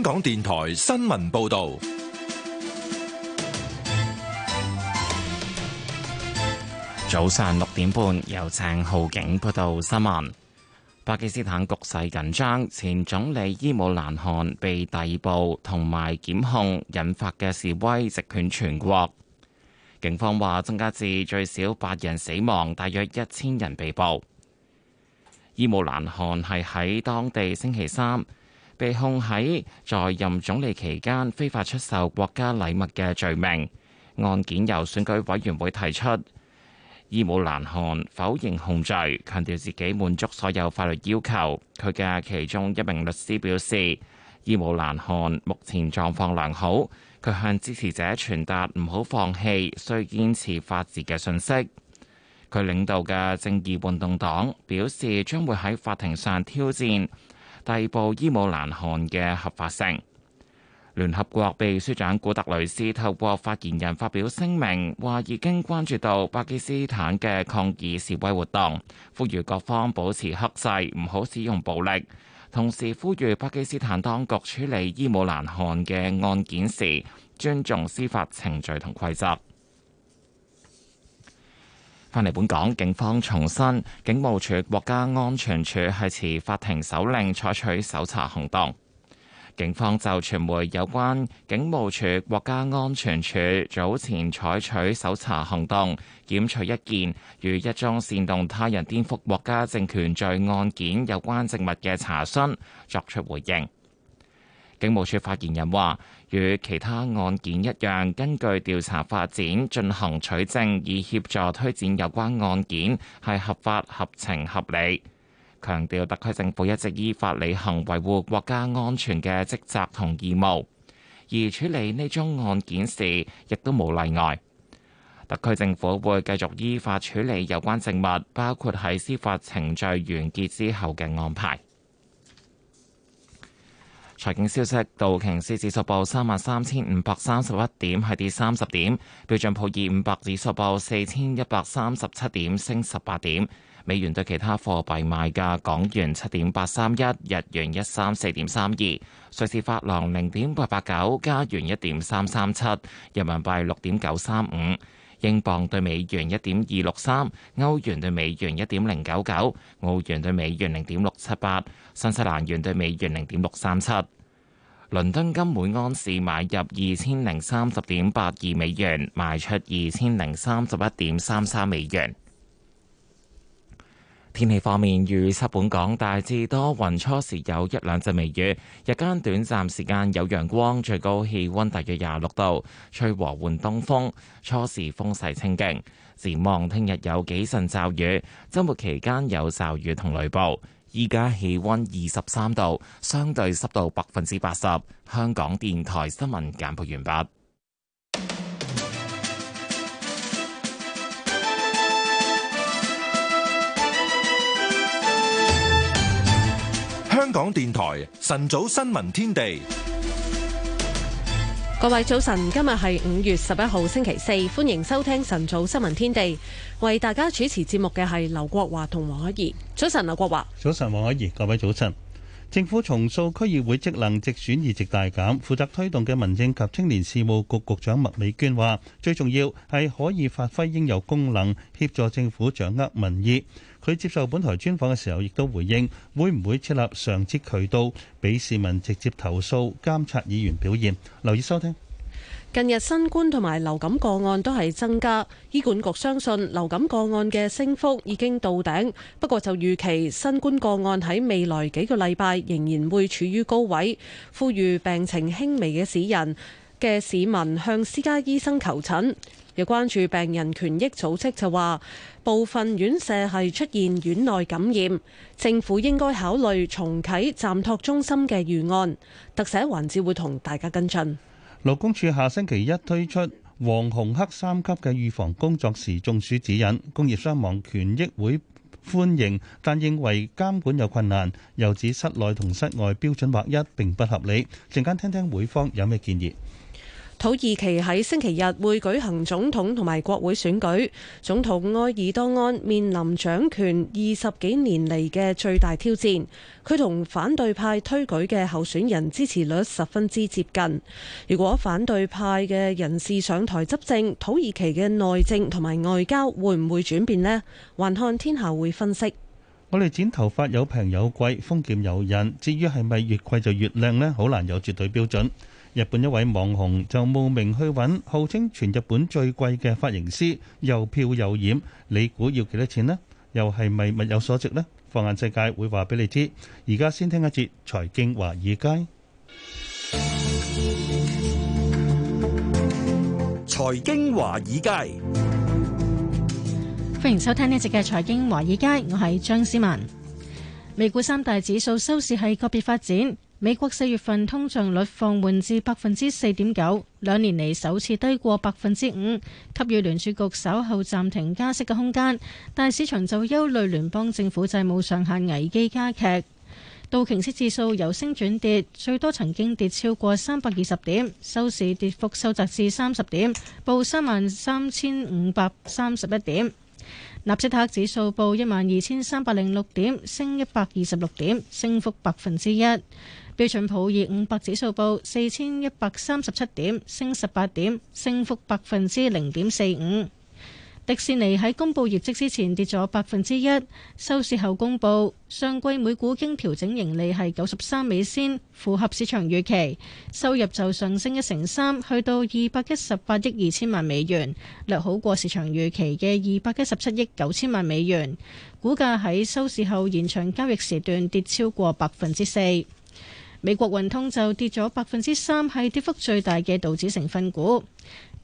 香港電台新聞報道，早上六點半，由鄭浩景報道新聞。巴基斯坦局勢緊張，前總理伊姆蘭汗被逮捕同埋檢控，引發嘅示威席捲全國。警方話增加至最少八人死亡，大約一千人被捕。伊姆蘭汗係喺當地星期三。被控喺在,在任總理期間非法出售國家禮物嘅罪名，案件由選舉委員會提出。伊姆蘭汗否認控罪，強調自己滿足所有法律要求。佢嘅其中一名律師表示，伊姆蘭汗目前狀況良好。佢向支持者傳達唔好放棄需堅持法治嘅信息。佢領導嘅正義運動黨表示，將會喺法庭上挑戰。逮捕伊姆蘭汗嘅合法性。聯合國秘書長古特雷斯透過發言人發表聲明，話已經關注到巴基斯坦嘅抗議示威活動，呼籲各方保持克制，唔好使用暴力。同時呼籲巴基斯坦當局處理伊姆蘭汗嘅案件時，尊重司法程序同規則。返嚟本港，警方重申，警務處國家安全處係持法庭手令採取搜查行動。警方就傳媒有關警務處國家安全處早前採取搜查行動，檢取一件與一宗煽動他人顛覆國家政權罪案件有關證物嘅查詢作出回應。警務處發言人話，與其他案件一樣，根據調查發展進行取證，以協助推展有關案件，係合法、合情、合理。強調特區政府一直依法履行維護國家安全嘅職責同義務，而處理呢宗案件時亦都冇例外。特區政府會繼續依法處理有關證物，包括喺司法程序完結之後嘅安排。財經消息：道瓊斯指數報三萬三千五百三十一點，係跌三十點；標準普爾五百指數報四千一百三十七點，升十八點。美元對其他貨幣賣價：港元七點八三一，日元一三四點三二，瑞士法郎零點八八九，加元一點三三七，人民幣六點九三五。英鎊兌美元一點二六三，歐元兌美元一點零九九，澳元兌美元零點六七八，新西蘭元兌美元零點六三七。倫敦金每安士買入二千零三十點八二美元，賣出二千零三十一點三三美元。天氣方面，預測本港大致多雲，初時有一兩陣微雨，日間短暫時間有陽光，最高氣溫大約廿六度，吹和緩東風，初時風勢清勁。展望聽日有幾陣驟雨，周末期間有驟雨同雷暴。依家氣溫二十三度，相對濕度百分之八十。香港電台新聞簡報完畢。香港電台晨早新聞天地，各位早晨，今日係五月十一號星期四，歡迎收聽晨早新聞天地，為大家主持節目嘅係劉國華同黃海怡。早晨，劉國華，早晨，黃海怡，各位早晨。政府重塑區議會職能直選議席大減，負責推動嘅民政及青年事務局局長麥美娟話，最重要係可以發揮應有功能，協助政府掌握民意。佢接受本台專訪嘅時候，亦都回應會唔會設立常設渠道俾市民直接投訴監察議員表現。留意收聽。近日新冠同埋流感個案都係增加，醫管局相信流感個案嘅升幅已經到頂，不過就預期新冠個案喺未來幾個禮拜仍然會處於高位，呼籲病情輕微嘅市人嘅市民向私家醫生求診。關注病人權益組織就話，部分院舍係出現院內感染，政府應該考慮重啟暫託中心嘅預案。特寫環節會同大家跟進。勞工處下星期一推出黃紅黑三級嘅預防工作時中暑指引，工業傷亡權益會歡迎，但認為監管有困難，又指室內同室外標準劃一並不合理。陣間聽聽會方有咩建議。土耳其喺星期日會舉行總統同埋國會選舉，總統埃爾多安面臨掌權二十幾年嚟嘅最大挑戰。佢同反對派推舉嘅候選人支持率十分之接近。如果反對派嘅人士上台執政，土耳其嘅內政同埋外交會唔會轉變呢？還看天下會分析。我哋剪頭髮有平有貴，豐儉由人，至於係咪越貴就越靚呢？好難有絕對標準。日本一位網紅就慕名去揾，號稱全日本最貴嘅髮型師，又漂又染，你估要幾多錢呢？又係咪物有所值呢？放眼世界會話俾你知。而家先聽一節財經華爾街。財經華爾街，歡迎收聽呢一節嘅財經華爾街，我係張思文。美股三大指數收市係個別發展。美國四月份通脹率放緩至百分之四點九，兩年嚟首次低過百分之五，給予聯儲局稍後暫停加息嘅空間。但市場就憂慮聯邦政府債務上限危機加劇。道瓊斯指數由升轉跌，最多曾經跌超過三百二十點，收市跌幅收窄至三十點，報三萬三千五百三十一點。納斯達克指數報一萬二千三百零六點，升一百二十六點，升幅百分之一。標準普爾五百指數報四千一百三十七點，升十八點，升幅百分之零點四五。迪士尼喺公布業績之前跌咗百分之一，收市後公布上季每股經調整盈利係九十三美仙，符合市場預期。收入就上升一成三，去到二百一十八億二千萬美元，略好過市場預期嘅二百一十七億九千萬美元。股價喺收市後延長交易時段跌超過百分之四。美國運通就跌咗百分之三，係跌幅最大嘅道指成分股。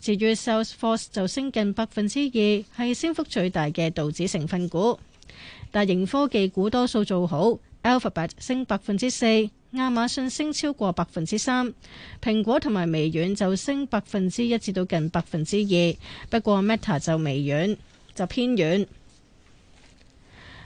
至於 Salesforce 就升近百分之二，係升幅最大嘅道指成分股。大型科技股多數做好，Alphabet 升百分之四，亞馬遜升超過百分之三，蘋果同埋微軟就升百分之一至到近百分之二，不過 Meta 就微跌就偏軟。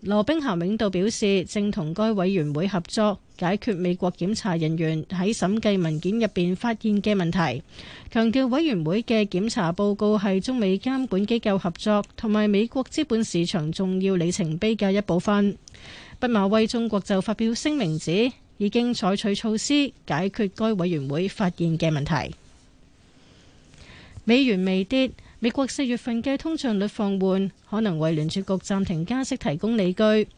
羅羅兵咸永道表示，正同該委員會合作解決美國檢查人員喺審計文件入邊發現嘅問題，強調委員會嘅檢查報告係中美監管機構合作同埋美國資本市場重要里程碑嘅一部分。畢馬威中國就發表聲明指，已經採取措施解決該委員會發現嘅問題。美元未跌。美國四月份嘅通脹率放緩，可能為聯儲局暫停加息提供理據。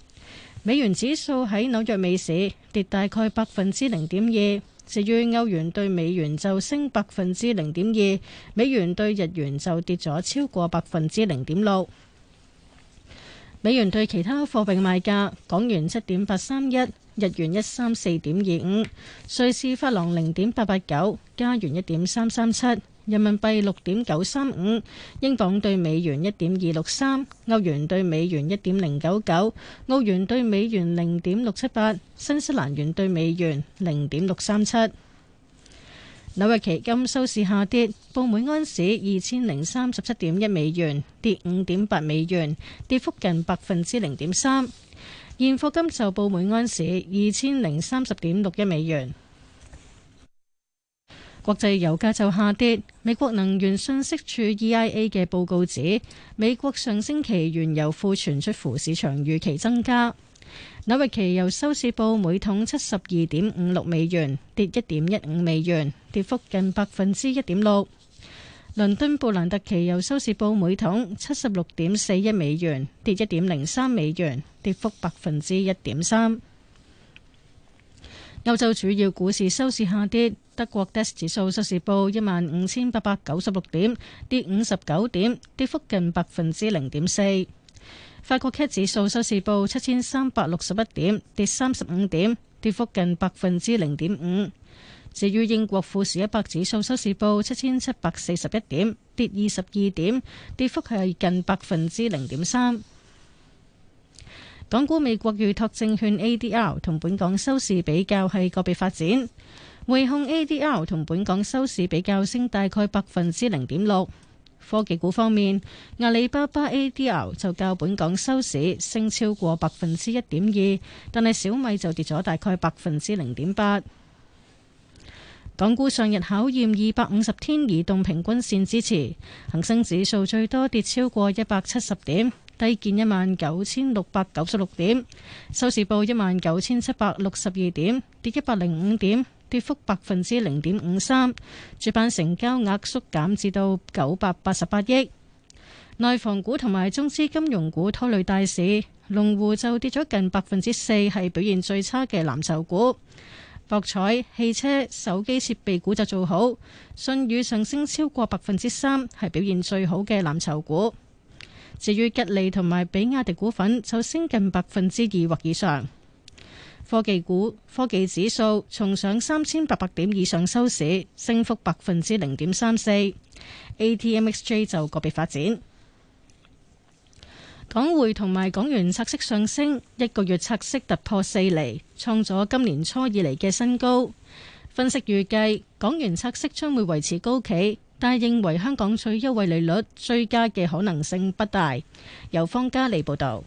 美元指數喺紐約美市跌大概百分之零點二，至於歐元對美元就升百分之零點二，美元對日元就跌咗超過百分之零點六。美元對其他貨幣賣價：港元七點八三一，日元一三四點二五，瑞士法郎零點八八九，加元一點三三七。人民幣六點九三五，英鎊兌美元一點二六三，歐元兌美元一點零九九，澳元兌美元零點六七八，新西蘭元兌美元零點六三七。紐約期金收市下跌，報每安士二千零三十七點一美元，跌五點八美元，跌幅近百分之零點三。現貨金就報每安士二千零三十點六一美元。國際油價就下跌，美國能源信息處 EIA 嘅報告指，美國上星期原油庫存出乎市場預期增加。紐約期油收市報每桶七十二點五六美元，跌一點一五美元，跌幅近百分之一點六。倫敦布蘭特期油收市報每桶七十六點四一美元，跌一點零三美元，跌幅百分之一點三。歐洲主要股市收市下跌。德國 DAX 指數收市報一萬五千八百九十六點，跌五十九點，跌幅近百分之零點四。法國 CAC 指數收市報七千三百六十一點，跌三十五點，跌幅近百分之零點五。至於英國富時一百指數收市報七千七百四十一點，跌二十二點，跌幅係近百分之零點三。港股美國預託證券 ADR 同本港收市比較係個別發展。匯控 ADR 同本港收市比較升大概百分之零點六。科技股方面，阿里巴巴 ADR 就較本港收市升超過百分之一點二，但係小米就跌咗大概百分之零點八。港股上日考驗二百五十天移動平均線支持，恒生指數最多跌超過一百七十點，低見一萬九千六百九十六點，收市報一萬九千七百六十二點，跌一百零五點。跌幅百分之零點五三，主板成交額縮減至到九百八十八億。內房股同埋中資金融股拖累大市，龍湖就跌咗近百分之四，係表現最差嘅藍籌股。博彩、汽車、手機設備股就做好，信義上升超過百分之三，係表現最好嘅藍籌股。至於吉利同埋比亞迪股份就升近百分之二或以上。科技股、科技指數重上三千八百點以上收市，升幅百分之零點三四。ATMXJ 就個別發展，港匯同埋港元拆息上升，一個月拆息突破四厘，創咗今年初以嚟嘅新高。分析預計港元拆息將會維持高企，但認為香港最優惠利率追加嘅可能性不大。由方嘉利報道。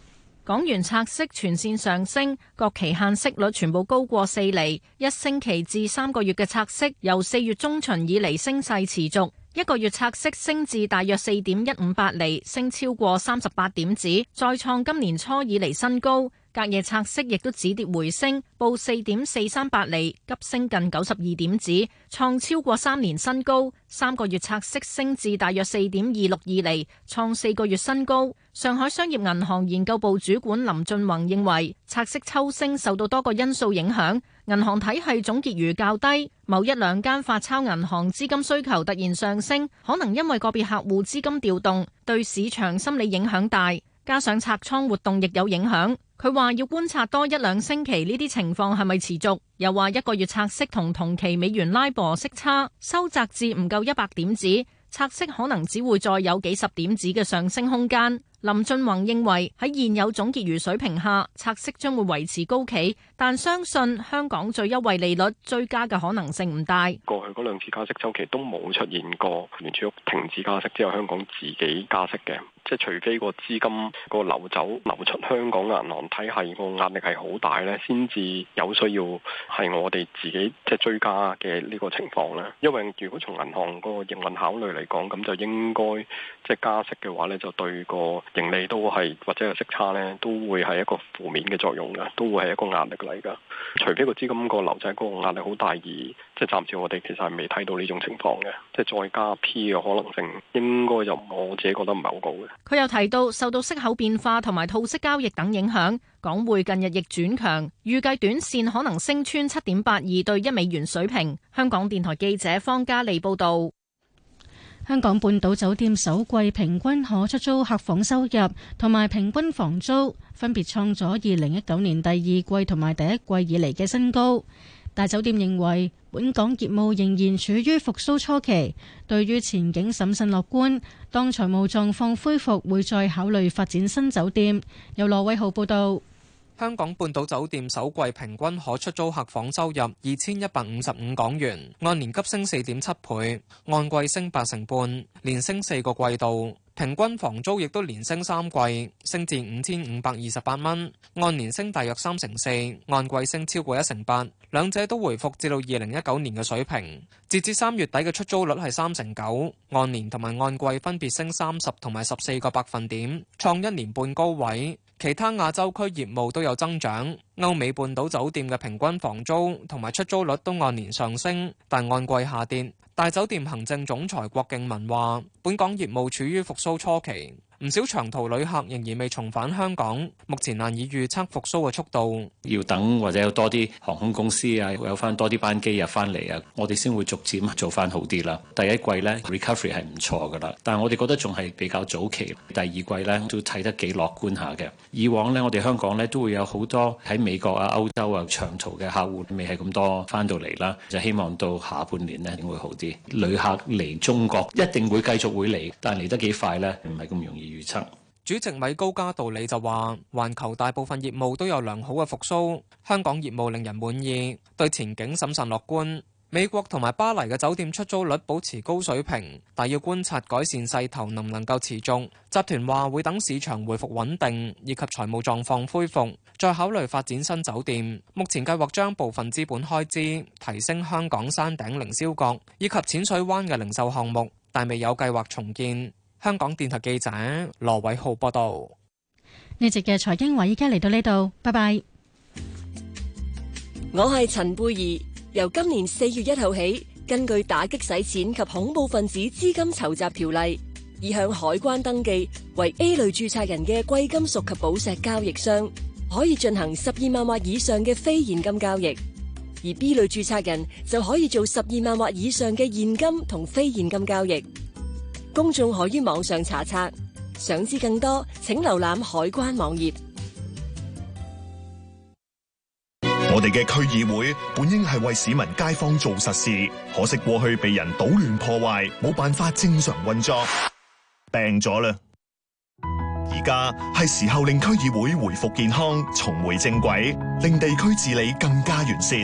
港元拆息全線上升，各期限息率全部高過四厘。一星期至三個月嘅拆息由四月中旬以嚟升勢持續，一個月拆息升至大約四點一五八厘，升超過三十八點子，再創今年初以嚟新高。隔夜拆息亦都止跌回升，報四點四三八厘，急升近九十二點子，創超過三年新高。三個月拆息升至大約四點二六二厘，創四個月新高。上海商業銀行研究部主管林俊宏認為，拆息抽升受到多個因素影響，銀行體系總結餘較低，某一兩間發鈔銀行資金需求突然上升，可能因為個別客戶資金調動，對市場心理影響大，加上拆倉活動亦有影響。佢話要觀察多一兩星期呢啲情況係咪持續。又話一個月拆息同同期美元拉博息差收窄至唔夠一百點子，拆息可能只會再有幾十點子嘅上升空間。林俊宏認為喺現有總結餘水平下，拆息將會維持高企，但相信香港最優惠利率追加嘅可能性唔大。過去嗰兩次加息周期都冇出現過聯儲局停止加息之後，香港自己加息嘅。即係除非個資金個流走流出香港銀行體系個壓力係好大咧，先至有需要係我哋自己即係追加嘅呢個情況咧。因為如果從銀行個營運考慮嚟講，咁就應該即係加息嘅話咧，就對個盈利都係或者個息差咧都會係一個負面嘅作用噶，都會係一個壓力嚟噶。除非個資金個流走嗰個壓力好大而。即係暫時，我哋其實係未睇到呢種情況嘅，即係再加 P 嘅可能性應該，應該就我自己覺得唔係好高嘅。佢又提到，受到息口變化同埋套息交易等影響，港匯近日亦轉強，預計短線可能升穿七點八二對一美元水平。香港電台記者方嘉利報道。香港半島酒店首季平均可出租客房收入同埋平均房租分別創咗二零一九年第二季同埋第一季以嚟嘅新高。大酒店認為，本港業務仍然處於復甦初期，對於前景審慎樂觀。當財務狀況恢復，會再考慮發展新酒店。由羅偉浩報導。香港半島酒店首季平均可出租客房收入，二千一百五十五港元，按年急升四點七倍，按季升八成半，連升四個季度。平均房租亦都連升三季，升至五千五百二十八蚊，按年升大約三成四，按季升超過一成八。兩者都回復至到二零一九年嘅水平。截至三月底嘅出租率係三成九，按年同埋按季分別升三十同埋十四個百分點，創一年半高位。其他亞洲區業務都有增長。歐美半島酒店嘅平均房租同埋出租率都按年上升，但按季下跌。大酒店行政總裁郭敬文話：本港業務處於復甦初期。唔少長途旅客仍然未重返香港，目前難以預測復甦嘅速度。要等或者有多啲航空公司啊，有翻多啲班機啊翻嚟啊，我哋先會逐漸做翻好啲啦。第一季咧 recovery 係唔錯㗎啦，但係我哋覺得仲係比較早期。第二季咧都睇得幾樂觀下嘅。以往呢，我哋香港呢，都會有好多喺美國啊、歐洲啊長途嘅客戶，未係咁多翻到嚟啦。就希望到下半年咧會好啲。旅客嚟中國一定會繼續會嚟，但係嚟得幾快咧，唔係咁容易。預測主席米高加道理就話，環球大部分業務都有良好嘅復甦，香港業務令人滿意，對前景審慎樂觀。美國同埋巴黎嘅酒店出租率保持高水平，但要觀察改善勢頭能唔能夠持續。集團話會等市場回復穩定以及財務狀況恢復，再考慮發展新酒店。目前計劃將部分資本開支提升香港山頂凌霄閣以及淺水灣嘅零售項目，但未有計劃重建。香港電台記者羅偉浩報道呢集嘅財經話，而家嚟到呢度，拜拜。我係陳貝兒。由今年四月一號起，根據打擊洗錢及恐怖分子資金籌集條例，已向海關登記為 A 類注冊人嘅貴金屬及寶石交易商，可以進行十二萬或以上嘅非現金交易；而 B 類注冊人就可以做十二萬或以上嘅現金同非現金交易。公眾可以網上查冊，想知更多，請瀏覽海關網頁。我哋嘅區議會本應係為市民街坊做實事，可惜過去被人搗亂破壞，冇辦法正常運作，病咗啦。而家係時候令區議會回復健康，重回正軌，令地區治理更加完善。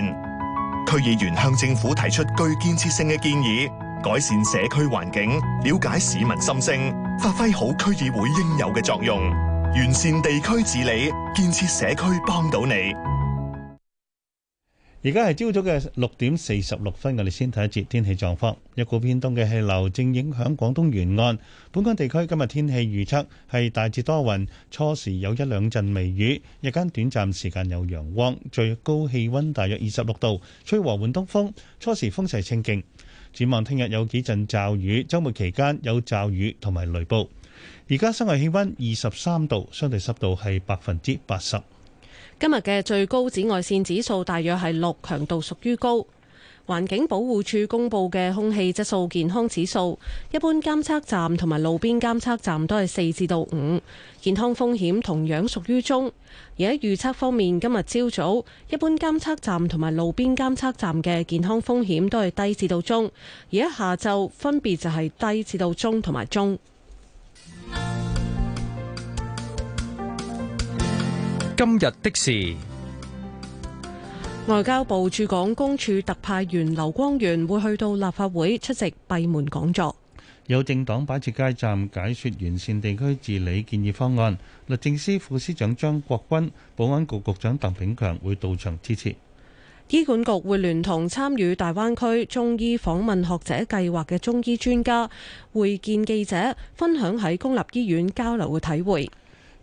區議員向政府提出具建設性嘅建議。改善社區環境，了解市民心聲，發揮好區議會應有嘅作用，完善地區治理，建設社區，幫到你。而家係朝早嘅六點四十六分，我哋先睇一節天氣狀況。一股偏東嘅氣流正影響廣東沿岸，本港地區今日天氣預測係大致多雲，初時有一兩陣微雨，日間短暫時間有陽光，最高氣温大約二十六度，吹和緩東風，初時風勢清勁。展望聽日有幾陣驟雨，周末期間有驟雨同埋雷暴。而家室外氣溫二十三度，相對濕度係百分之八十。今日嘅最高紫外線指數大約係六，強度屬於高。環境保護署公布嘅空氣質素健康指數，一般監測站同埋路邊監測站都係四至到五，健康風險同樣屬於中。而喺預測方面，今日朝早一般監測站同埋路邊監測站嘅健康風險都係低至到中，而喺下晝分別就係低至到中同埋中。今日的事。外交部駐港公署特派員劉光源會去到立法會出席閉門講座。有政黨擺設街站解說完善地區治理建議方案，律政司副司長張國鈞、保安局局長鄧炳強會到場支持。醫管局會聯同參與大灣區中醫訪問學者計劃嘅中醫專家會見記者，分享喺公立醫院交流嘅體會。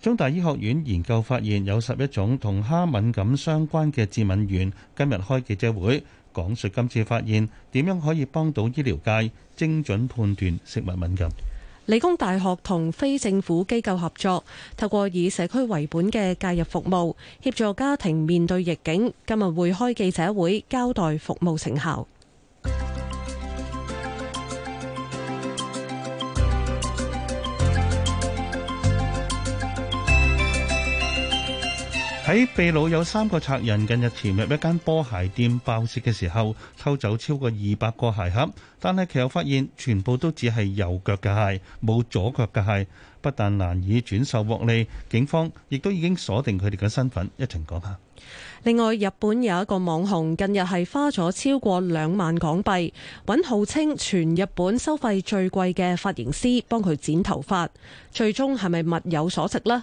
中大醫學院研究發現有十一種同蝦敏感相關嘅致敏原，今日開記者會講述今次發現點樣可以幫到醫療界精準判斷食物敏感。理工大學同非政府機構合作，透過以社區為本嘅介入服務，協助家庭面對逆境，今日會開記者會交代服務成效。喺秘魯有三個賊人近日潛入一間波鞋店爆竊嘅時候，偷走超過二百個鞋盒，但係其後發現全部都只係右腳嘅鞋，冇左腳嘅鞋，不但難以轉售獲利，警方亦都已經鎖定佢哋嘅身份。一齊講下。另外，日本有一個網紅近日係花咗超過兩萬港幣，揾號稱全日本收費最貴嘅髮型師幫佢剪頭髮，最終係咪物有所值呢？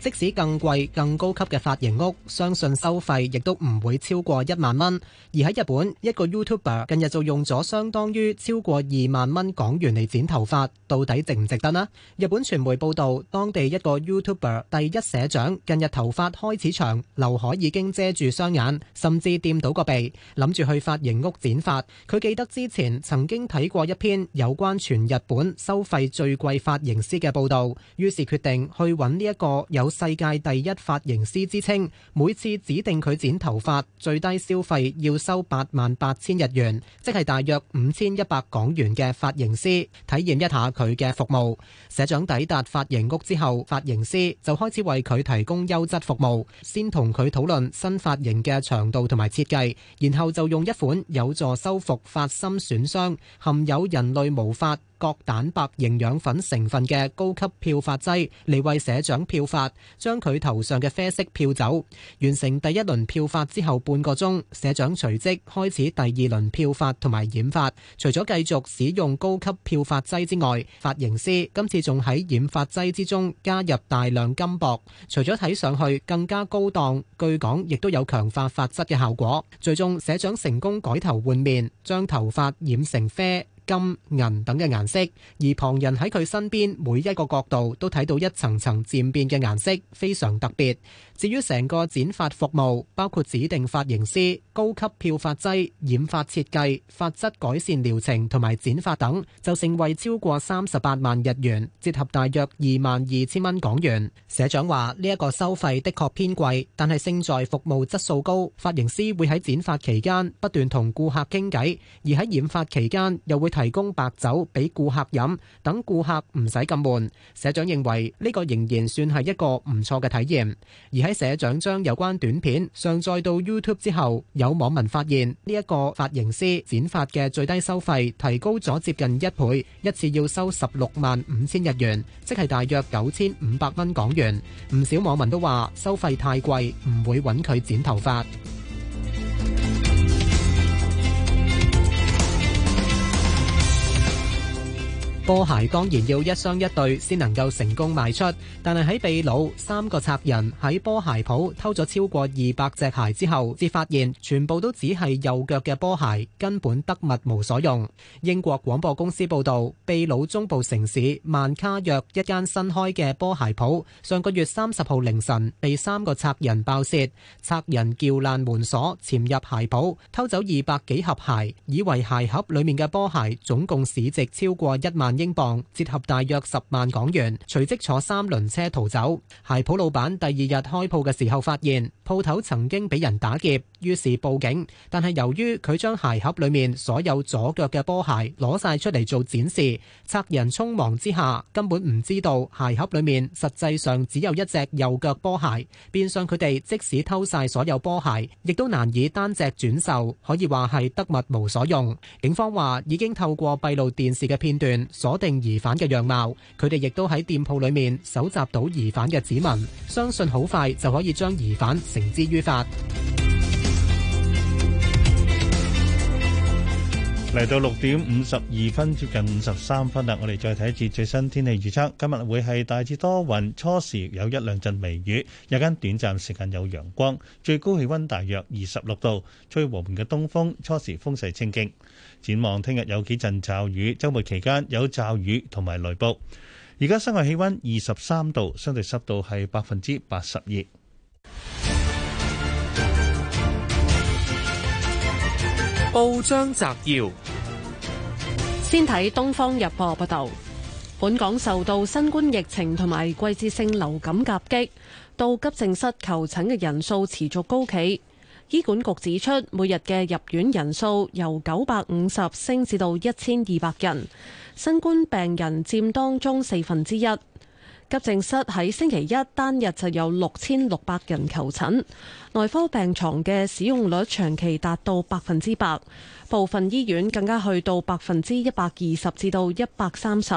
即使更貴、更高級嘅髮型屋，相信收費亦都唔會超過一萬蚊。而喺日本，一個 YouTuber 近日就用咗相當於超過二萬蚊港元嚟剪頭髮，到底值唔值得呢？日本傳媒報道，當地一個 YouTuber 第一社長近日頭髮開始長，劉海已經遮住雙眼，甚至掂到個鼻，諗住去髮型屋剪髮。佢記得之前曾經睇過一篇有關全日本收費最貴髮型師嘅報導，於是決定去揾呢一個有世界第一髮型師之稱，每次指定佢剪頭髮，最低消費要收八萬八千日元，即係大約五千一百港元嘅髮型師體驗一下佢嘅服務。社長抵達髮型屋之後，髮型師就開始為佢提供優質服務，先同佢討論新髮型嘅長度同埋設計，然後就用一款有助修復髮芯損傷、含有人類毛髮各蛋白營養粉成分嘅高級漂髮劑嚟為社長漂髮，將佢頭上嘅啡色漂走。完成第一輪漂髮之後半個鐘，社長隨即開始第二輪漂髮同埋染髮。除咗繼續使用高級漂髮劑之外，髮型師今次仲喺染髮劑之中加入大量金箔，除咗睇上去更加高檔，據講亦都有強化髮質嘅效果。最終社長成功改頭換面，將頭髮染成啡金、銀等嘅顏色，而旁人喺佢身邊，每一個角度都睇到一層層漸變嘅顏色，非常特別。至於成個剪髮服務，包括指定髮型師、高級漂髮劑、染髮設計、髮質改善療程同埋剪髮等，就盛惠超過三十八萬日元，折合大約二萬二千蚊港元。社長話：呢一個收費的確偏貴，但係勝在服務質素高。髮型師會喺剪髮期間不斷同顧客傾偈，而喺染髮期間又會提供白酒俾顧客飲，等顧客唔使咁悶。社長認為呢個仍然算係一個唔錯嘅體驗，而喺社長將有關短片上載到 YouTube 之後，有網民發現呢一個髮型師剪髮嘅最低收費提高咗接近一倍，一次要收十六萬五千日元，即係大約九千五百蚊港元。唔少網民都話收費太貴，唔會揾佢剪頭髮。波鞋當然要一雙一對先能夠成功賣出，但係喺秘魯三個賊人喺波鞋舖偷咗超過二百隻鞋之後，至發現全部都只係右腳嘅波鞋，根本得物無所用。英國廣播公司報道，秘魯中部城市曼卡約一間新開嘅波鞋舖，上個月三十號凌晨被三個賊人爆竊，賊人撬爛門鎖，潛入鞋舖偷走二百幾盒鞋，以為鞋盒裡面嘅波鞋總共市值超過一萬英鎊折合大約十萬港元，隨即坐三輪車逃走。鞋鋪老闆第二日開鋪嘅時候，發現鋪頭曾經俾人打劫，於是報警。但係由於佢將鞋盒裏面所有左腳嘅波鞋攞晒出嚟做展示，賊人匆忙之下根本唔知道鞋盒裏面實際上只有一隻右腳波鞋，變相佢哋即使偷晒所有波鞋，亦都難以單隻轉售，可以話係得物無所用。警方話已經透過閉路電視嘅片段鎖定疑犯嘅樣貌，佢哋亦都喺店鋪裏面搜集到疑犯嘅指紋，相信好快就可以將疑犯繩之於法。嚟到六點五十二分，接近五十三分啦，我哋再睇一次最新天氣預測。今日會係大致多雲，初時有一兩陣微雨，日間短暫時間有陽光，最高氣溫大約二十六度，吹和緩嘅東風，初時風勢清勁。展望聽日有幾陣驟雨，週末期間有驟雨同埋雷暴。而家室外氣温二十三度，相對濕度係百分之八十二。報章摘要，先睇《東方日報》報導，本港受到新冠疫情同埋季節性流感夾擊，到急症室求診嘅人數持續高企。醫管局指出，每日嘅入院人數由九百五十升至到一千二百人，新冠病人佔當中四分之一。急症室喺星期一單日就有六千六百人求診，內科病床嘅使用率長期達到百分之百，部分醫院更加去到百分之一百二十至到一百三十。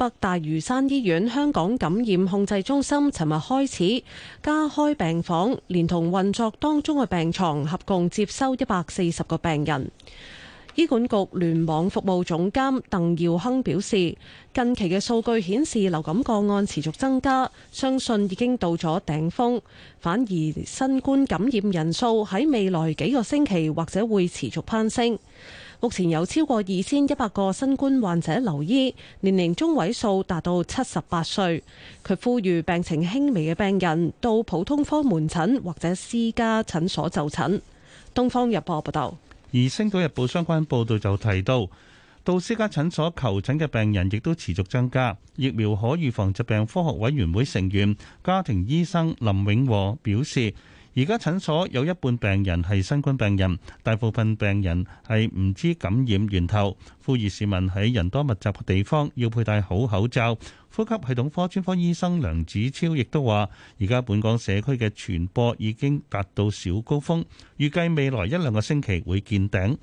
北大嶼山醫院香港感染控制中心尋日開始加開病房，連同運作當中嘅病床，合共接收一百四十個病人。醫管局聯網服務總監鄧耀鏗表示，近期嘅數據顯示流感個案持續增加，相信已經到咗頂峰，反而新冠感染人數喺未來幾個星期或者會持續攀升。目前有超過二千一百個新冠患者留醫，年齡中位數達到七十八歲。佢呼籲病情輕微嘅病人到普通科門診或者私家診所就診。《東方日報》報道。而《星島日報》相關報道就提到，到私家診所求診嘅病人亦都持續增加。疫苗可預防疾病科學委員會成員、家庭醫生林永和表示。而家診所有一半病人係新冠病人，大部分病人係唔知感染源頭，呼籲市民喺人多密集嘅地方要佩戴好口罩。呼吸系統科專科醫生梁子超亦都話，而家本港社區嘅傳播已經達到小高峰，預計未來一兩個星期會見頂。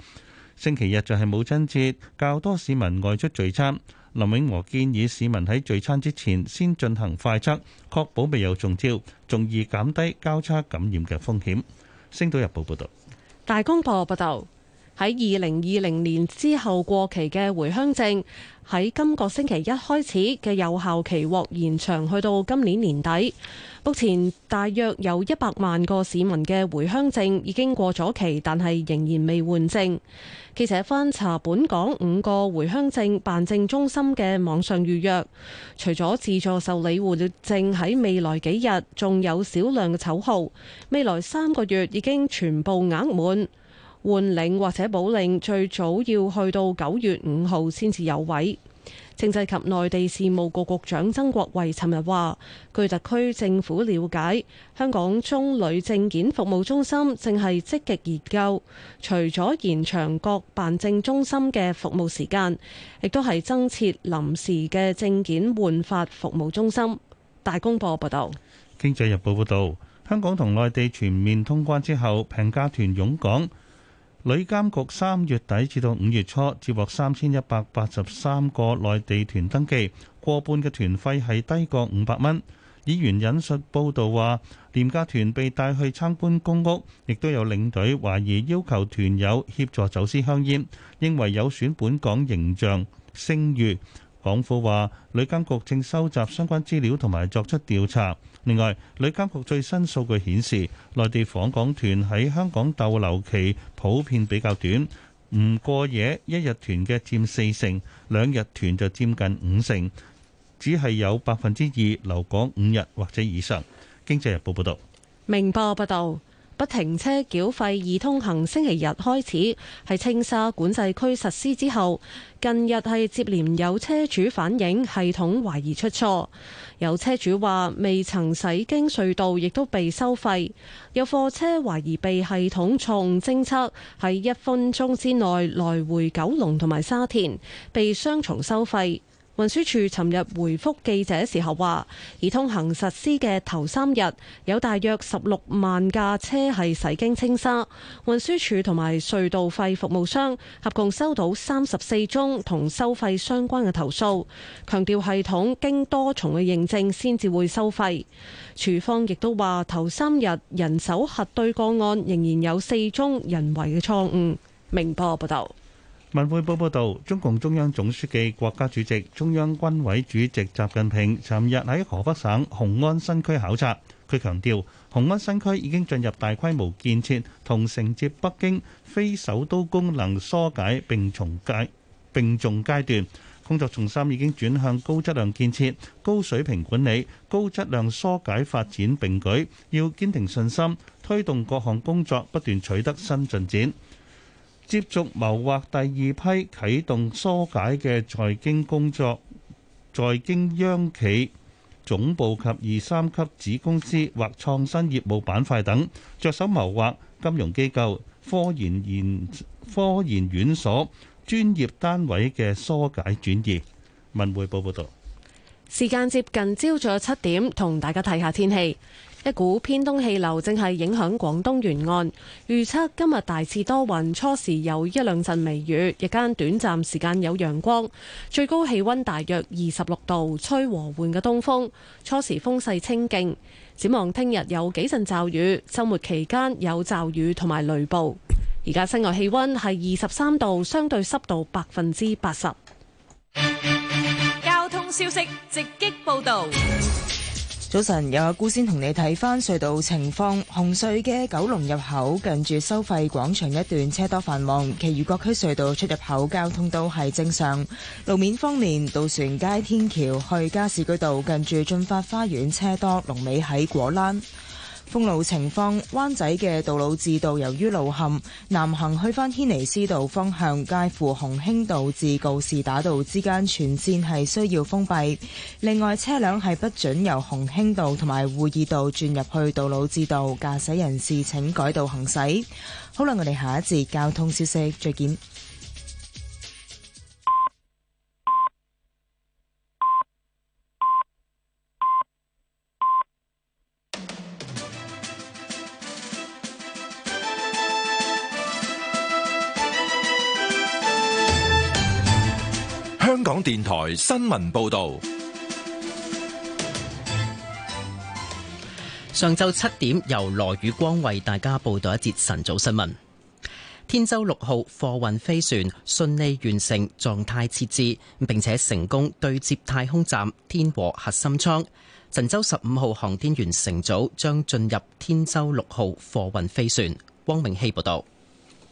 星期日就係母親節，較多市民外出聚餐。林永和建議市民喺聚餐之前先進行快測，確保未有中招，仲易減低交叉感染嘅風險。星島日報報道，大公報報道。喺二零二零年之後過期嘅回鄉證，喺今個星期一開始嘅有效期獲延長去到今年年底。目前大約有一百萬個市民嘅回鄉證已經過咗期，但係仍然未換證。記者翻查本港五個回鄉證辦證中心嘅網上預約，除咗自助受理活證，喺未來幾日仲有少量嘅籌號，未來三個月已經全部額滿。換領或者補領最早要去到九月五號先至有位。政制及內地事務局局長曾國衛尋日話，據特區政府了解，香港中旅證件服務中心正係積極研究，除咗延長各辦證中心嘅服務時間，亦都係增設臨時嘅證件換發服務中心。大公報報道，《經濟日報》報道，香港同內地全面通關之後，平價團湧港。旅監局三月底至到五月初接獲三千一百八十三個內地團登記，過半嘅團費係低過五百蚊。議員引述報導話，廉價團被帶去參觀公屋，亦都有領隊懷疑要求團友協助走私香煙，認為有損本港形象聲譽。港府話，旅監局正收集相關資料同埋作出調查。另外，旅監局最新數據顯示，內地訪港團喺香港逗留期普遍比較短，唔過夜一日團嘅佔四成，兩日團就佔近五成，只係有百分之二留港五日或者以上。經濟日報報道。明報報道。不停車繳費易通行星期日開始係青沙管制區實施之後，近日係接連有車主反映系統懷疑出錯，有車主話未曾駛經隧道亦都被收費，有貨車懷疑被系統錯誤偵測，喺一分鐘之內來回九龍同埋沙田被雙重收費。運輸署尋日回覆記者時候話，易通行實施嘅頭三日，有大約十六萬架車係駛經青沙。運輸署同埋隧道費服務商合共收到三十四宗同收費相關嘅投訴，強調系統經多重嘅認證先至會收費。署方亦都話，頭三日人手核對個案仍然有四宗人為嘅錯誤。明報報道。文匯報報道，中共中央總書記、國家主席、中央軍委主席習近平尋日喺河北省雄安新區考察，佢強調，雄安新區已經進入大規模建設、同承接北京非首都功能疏解並重階並重階段，工作重心已經轉向高質量建設、高水平管理、高質量疏解發展並舉，要堅定信心，推動各項工作不斷取得新進展。接續謀劃第二批啟動疏解嘅在京工作，在京央企總部及二三級子公司或創新業務板塊等，着手謀劃金融機構、科研研、科研院所、專業單位嘅疏解轉移。文匯報報導。時間接近朝早七點，同大家睇下天氣。一股偏東氣流正係影響廣東沿岸，預測今日大致多雲，初時有一兩陣微雨，日間短暫時間有陽光，最高氣溫大約二十六度，吹和緩嘅東風，初時風勢清勁。展望聽日有幾陣驟雨，週末期間有驟雨同埋雷暴。而家室外氣溫係二十三度，相對濕度百分之八十。交通消息直擊報道。早晨，有阿姑先同你睇翻隧道情況。紅隧嘅九龍入口近住收費廣場一段車多繁忙，其餘各區隧道出入口交通都係正常。路面方面，渡船街天橋去加士居道近住駿發花園車多，龍尾喺果欄。封路情況，灣仔嘅杜老誌道由於路陷，南行去返軒尼詩道方向，介乎鴻興道至告士打道之間，全線係需要封閉。另外，車輛係不准由鴻興道同埋會議道轉入去杜老誌道，駕駛人士請改道行駛。好啦，我哋下一節交通消息，再見。香港電台新聞報道：上晝七點，由羅宇光為大家報道一節晨早新聞。天舟六號貨運飛船順利完成狀態設置，並且成功對接太空站天和核心艙。神舟十五號航天員乘組將進入天舟六號貨運飛船。汪明熙報道。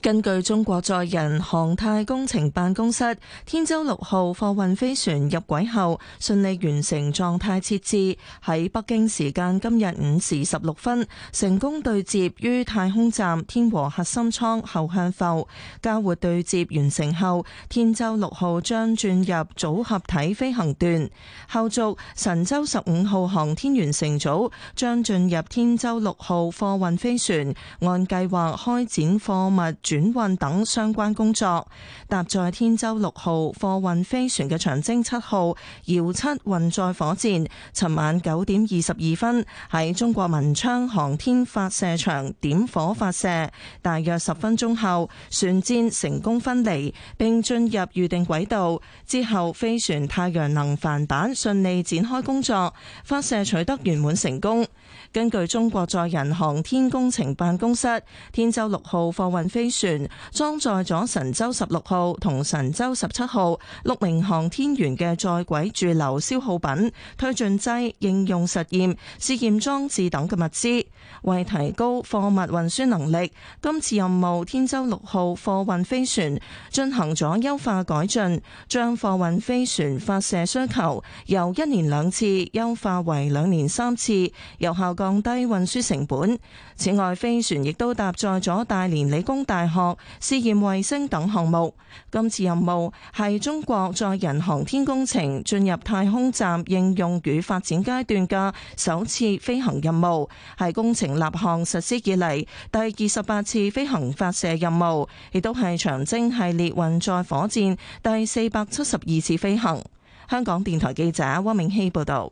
根據中國載人航太工程辦公室，天舟六號貨運飛船入軌後，順利完成狀態設置，喺北京時間今日五時十六分，成功對接於太空站天和核心艙後向埠。交會對接完成後，天舟六號將轉入組合體飛行段。後續神舟十五號航天員乘組將進入天舟六號貨運飛船，按計劃開展貨物轉轉運等相關工作，搭載天舟六號貨運飛船嘅長征七號遙七運載火箭，尋晚九點二十二分喺中國文昌航天發射場點火發射，大約十分鐘後，船箭成功分離並進入預定軌道，之後飛船太陽能帆板順利展開工作，發射取得圓滿成功。根據中國載人航天工程辦公室，天舟六號貨運飛船裝載咗神舟十六號同神舟十七號六名航天員嘅在軌駐留消耗品、推進劑、應用實驗、試驗裝置等嘅物資。為提高貨物運輸能力，今次任務天舟六號貨運飛船進行咗優化改進，將貨運飛船發射需求由一年兩次優化為兩年三次，有效降低運輸成本。此外，飛船亦都搭載咗大連理工大學試驗衛星等項目。今次任務係中國載人航天工程進入太空站應用與發展階段嘅首次飛行任務，係公成立項實施以嚟第二十八次飛行發射任務，亦都係長征系列運載火箭第四百七十二次飛行。香港電台記者汪銘希報道。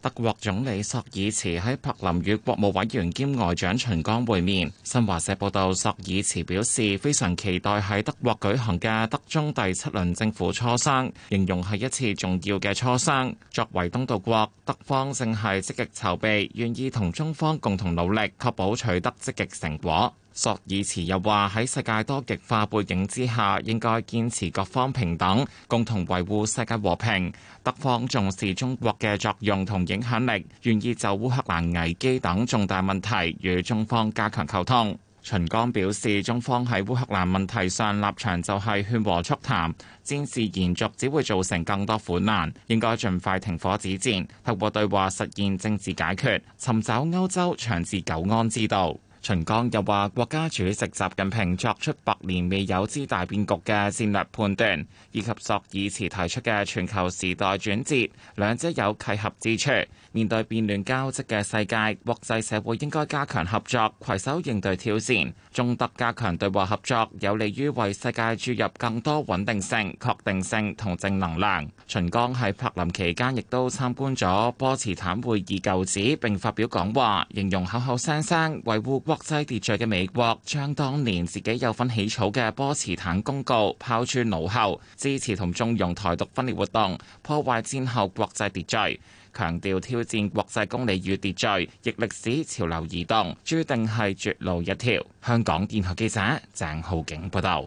德國總理索爾茨喺柏林與國務委員兼外長秦剛會面。新華社報道，索爾茨表示非常期待喺德國舉行嘅德中第七輪政府磋商，形容係一次重要嘅磋商。作為東道國，德方正係積極籌備，願意同中方共同努力，確保取得積極成果。索爾茨又話：喺世界多極化背景之下，應該堅持各方平等，共同維護世界和平。德方重視中國嘅作用同影響力，願意就烏克蘭危機等重大問題與中方加強溝通。秦剛表示，中方喺烏克蘭問題上立場就係勸和促談，戰事延續只會造成更多苦難，應該盡快停火止戰，透過對話實現政治解決，尋找歐洲長治久安之道。秦剛又話：國家主席習近平作出百年未有之大變局嘅戰略判斷，以及索爾茨提出嘅全球時代轉折，兩者有契合之處。面對變亂交織嘅世界，國際社會應該加強合作，攜手應對挑戰。中德加強對話合作，有利於為世界注入更多穩定性、確定性同正能量。秦剛喺柏林期間亦都參觀咗波茨坦會議舊址，並發表講話，形容口口聲聲維護國國際秩序嘅美國，將當年自己有份起草嘅波茨坦公告拋諸腦後，支持同縱容台獨分裂活動，破壞戰後國際秩序，強調挑戰國際公理與秩序，逆歷史潮流而動，注定係絕路一條。香港電台記者鄭浩景報道。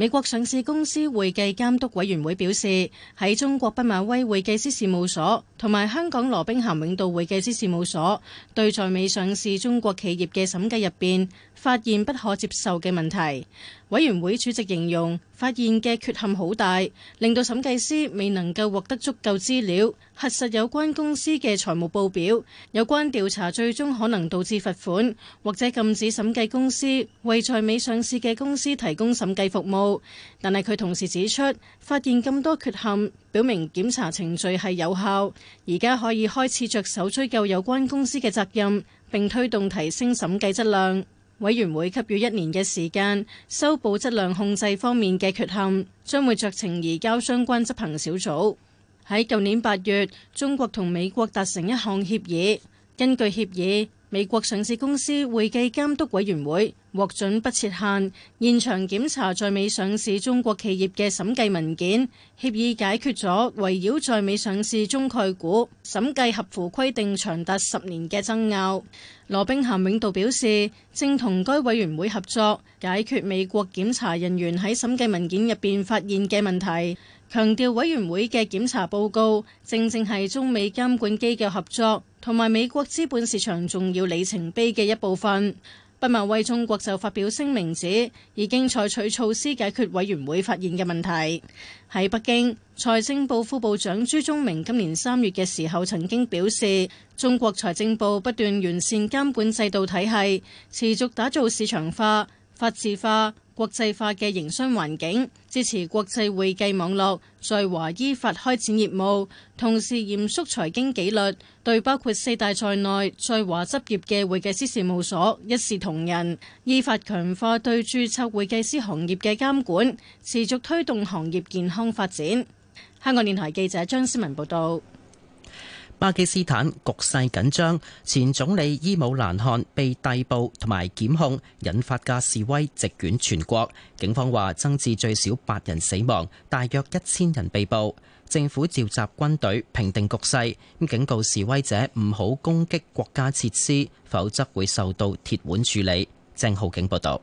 美國上市公司會計監督委員會表示，喺中國畢馬威會計師事務所同埋香港羅兵咸永道會計師事務所對在美上市中國企業嘅審計入邊，發現不可接受嘅問題，委員會主席形容發現嘅缺陷好大，令到審計師未能夠獲得足夠資料核實有關公司嘅財務報表。有關調查最終可能導致罰款或者禁止審計公司為在美上市嘅公司提供審計服務。但係佢同時指出，發現咁多缺陷，表明檢查程序係有效，而家可以開始着手追究有關公司嘅責任，並推動提升審計質量。委員會給予一年嘅時間，修補質量控制方面嘅缺陷，將會酌情移交相關執行小組。喺舊年八月，中國同美國達成一項協議，根據協議，美國上市公司會計監督委員會獲准不設限，現場檢查在美上市中國企業嘅審計文件。協議解決咗圍繞在美上市中概股審計合符規定長達十年嘅爭拗。羅兵咸永道表示，正同該委員會合作解決美國檢查人員喺審計文件入邊發現嘅問題，強調委員會嘅檢查報告正正係中美監管機構合作同埋美國資本市場重要里程碑嘅一部分。畢馬威中國就發表聲明指，指已經採取措施解決委員會發現嘅問題。喺北京，財政部副部長朱忠明今年三月嘅時候曾經表示，中國財政部不斷完善監管制度體系，持續打造市場化、法治化、國際化嘅營商環境，支持國際會計網絡在華依法開展業務，同時嚴肅財經紀律，對包括四大在內在華執業嘅會計師事務所一視同仁，依法強化對註冊會計師行業嘅監管，持續推動行業健康發展。香港電台記者張思文報道。巴基斯坦局勢緊張，前總理伊姆蘭汗被逮捕同埋檢控，引發嘅示威席捲全國。警方話增至最少八人死亡，大約一千人被捕。政府召集軍隊平定局勢，咁警告示威者唔好攻擊國家設施，否則會受到鐵腕處理。鄭浩景報導。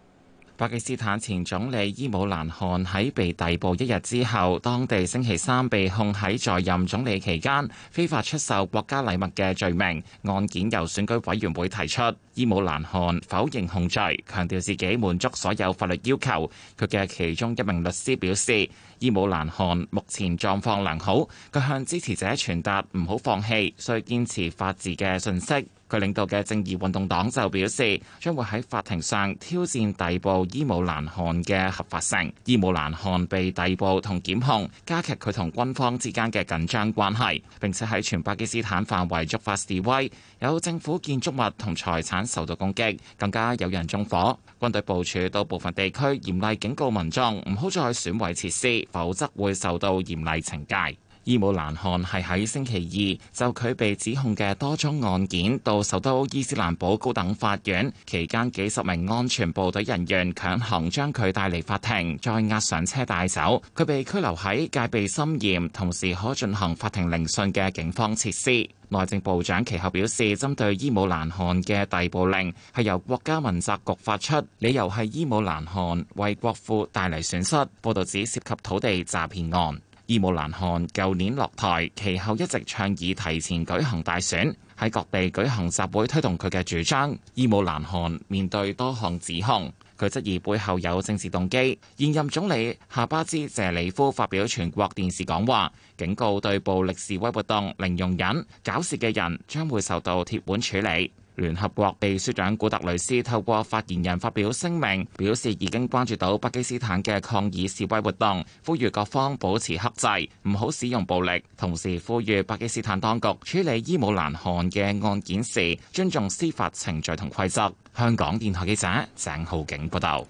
巴基斯坦前總理伊姆蘭汗喺被逮捕一日之後，當地星期三被控喺在任總理期間非法出售國家禮物嘅罪名，案件由選舉委員會提出。伊姆蘭汗否認控罪，強調自己滿足所有法律要求。佢嘅其中一名律師表示，伊姆蘭汗目前狀況良好，佢向支持者傳達唔好放棄，需堅持法治嘅信息。佢領導嘅正義運動黨就表示，將會喺法庭上挑戰逮捕伊姆蘭汗嘅合法性。伊姆蘭汗被逮捕同檢控，加劇佢同軍方之間嘅緊張關係。並且喺全巴基斯坦範圍觸發示威，有政府建築物同財產受到攻擊，更加有人縱火。軍隊部署到部分地區，嚴厲警告民眾唔好再損毀設施，否則會受到嚴厲懲懲戒。伊姆蘭汗係喺星期二就佢被指控嘅多宗案件到首都伊斯蘭堡高等法院，期間幾十名安全部隊人員強行將佢帶嚟法庭，再押上車帶走。佢被拘留喺戒備森嚴、同時可進行法庭聆訊嘅警方設施。內政部長其後表示，針對伊姆蘭汗嘅逮捕令係由國家問責局發出，理由係伊姆蘭汗為國庫帶嚟損失。報道指涉及土地詐騙案。伊姆蘭汗舊年落台，其後一直倡議提前舉行大選，喺各地舉行集會推動佢嘅主張。伊姆蘭汗面對多項指控，佢質疑背後有政治動機。現任總理夏巴茲謝里夫發表全國電視講話，警告對暴力示威活動零容忍，搞事嘅人將會受到鐵腕處理。聯合國秘書長古特雷斯透過發言人發表聲明，表示已經關注到巴基斯坦嘅抗議示威活動，呼籲各方保持克制，唔好使用暴力，同時呼籲巴基斯坦當局處理伊姆蘭汗嘅案件時，尊重司法程序同規則。香港電台記者鄭浩景報道，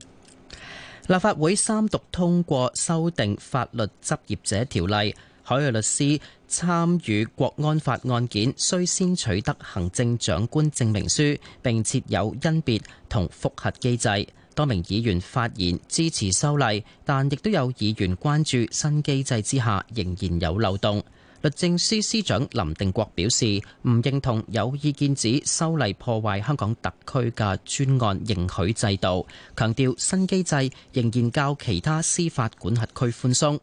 立法會三讀通過修訂法律執業者條例。海外律師參與國安法案件，需先取得行政長官證明書，並設有甄別同複核機制。多名議員發言支持修例，但亦都有議員關注新機制之下仍然有漏洞。律政司司長林定國表示，唔認同有意見指修例破壞香港特區嘅專案認許制度，強調新機制仍然較其他司法管轄區寬鬆。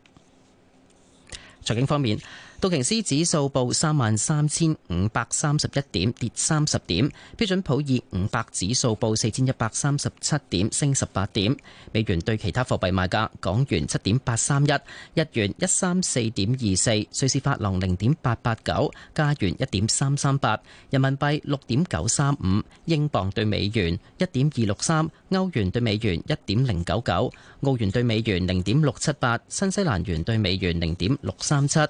財經方面，道瓊斯指數報三萬三千五百三十一點，跌三十點；標準普爾五百指數報四千一百三十七點，升十八點。美元對其他貨幣賣價：港元七點八三一，日元一三四點二四，瑞士法郎零點八八九，加元一點三三八，人民幣六點九三五，英鎊對美元一點二六三，歐元對美元一點零九九。澳元兌美元零點六七八，新西蘭元兌美元零點六三七，倫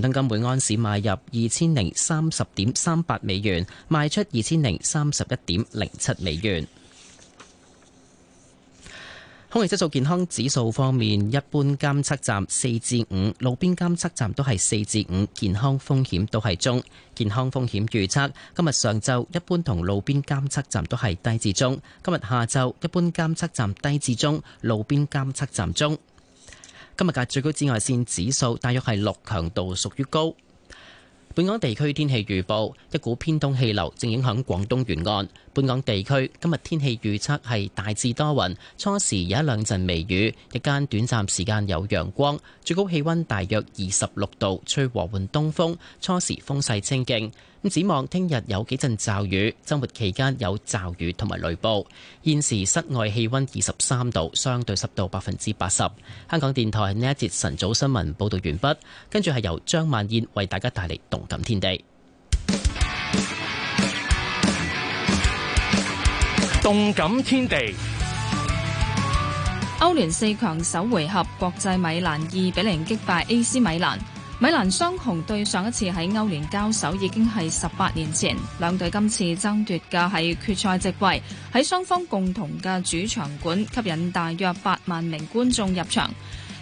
敦金每安士賣入二千零三十點三八美元，賣出二千零三十一點零七美元。空氣質素健康指數方面，一般監測站四至五，路邊監測站都係四至五，健康風險都係中。健康風險預測，今日上晝一般同路邊監測站都係低至中，今日下晝一般監測站低至中，路邊監測站中。今日嘅最高紫外線指數大約係六，強度屬於高。本港地區天氣預報：一股偏東氣流正影響廣東沿岸。本港地區今日天氣預測係大致多雲，初時有一兩陣微雨，日間短暫時間有陽光，最高氣溫大約二十六度，吹和緩東風，初時風勢清勁。咁展望聽日有幾陣驟雨，周末期間有驟雨同埋雷暴。現時室外氣温二十三度，相對濕度百分之八十。香港電台呢一節晨早新聞報道完畢，跟住係由張萬燕為大家帶嚟動感天地。動感天地。歐聯四強首回合，國際米蘭二比零擊敗 AC 米蘭。米蘭雙雄對上一次喺歐聯交手已經係十八年前，兩隊今次爭奪嘅係決賽席位，喺雙方共同嘅主場館吸引大約八萬名觀眾入場。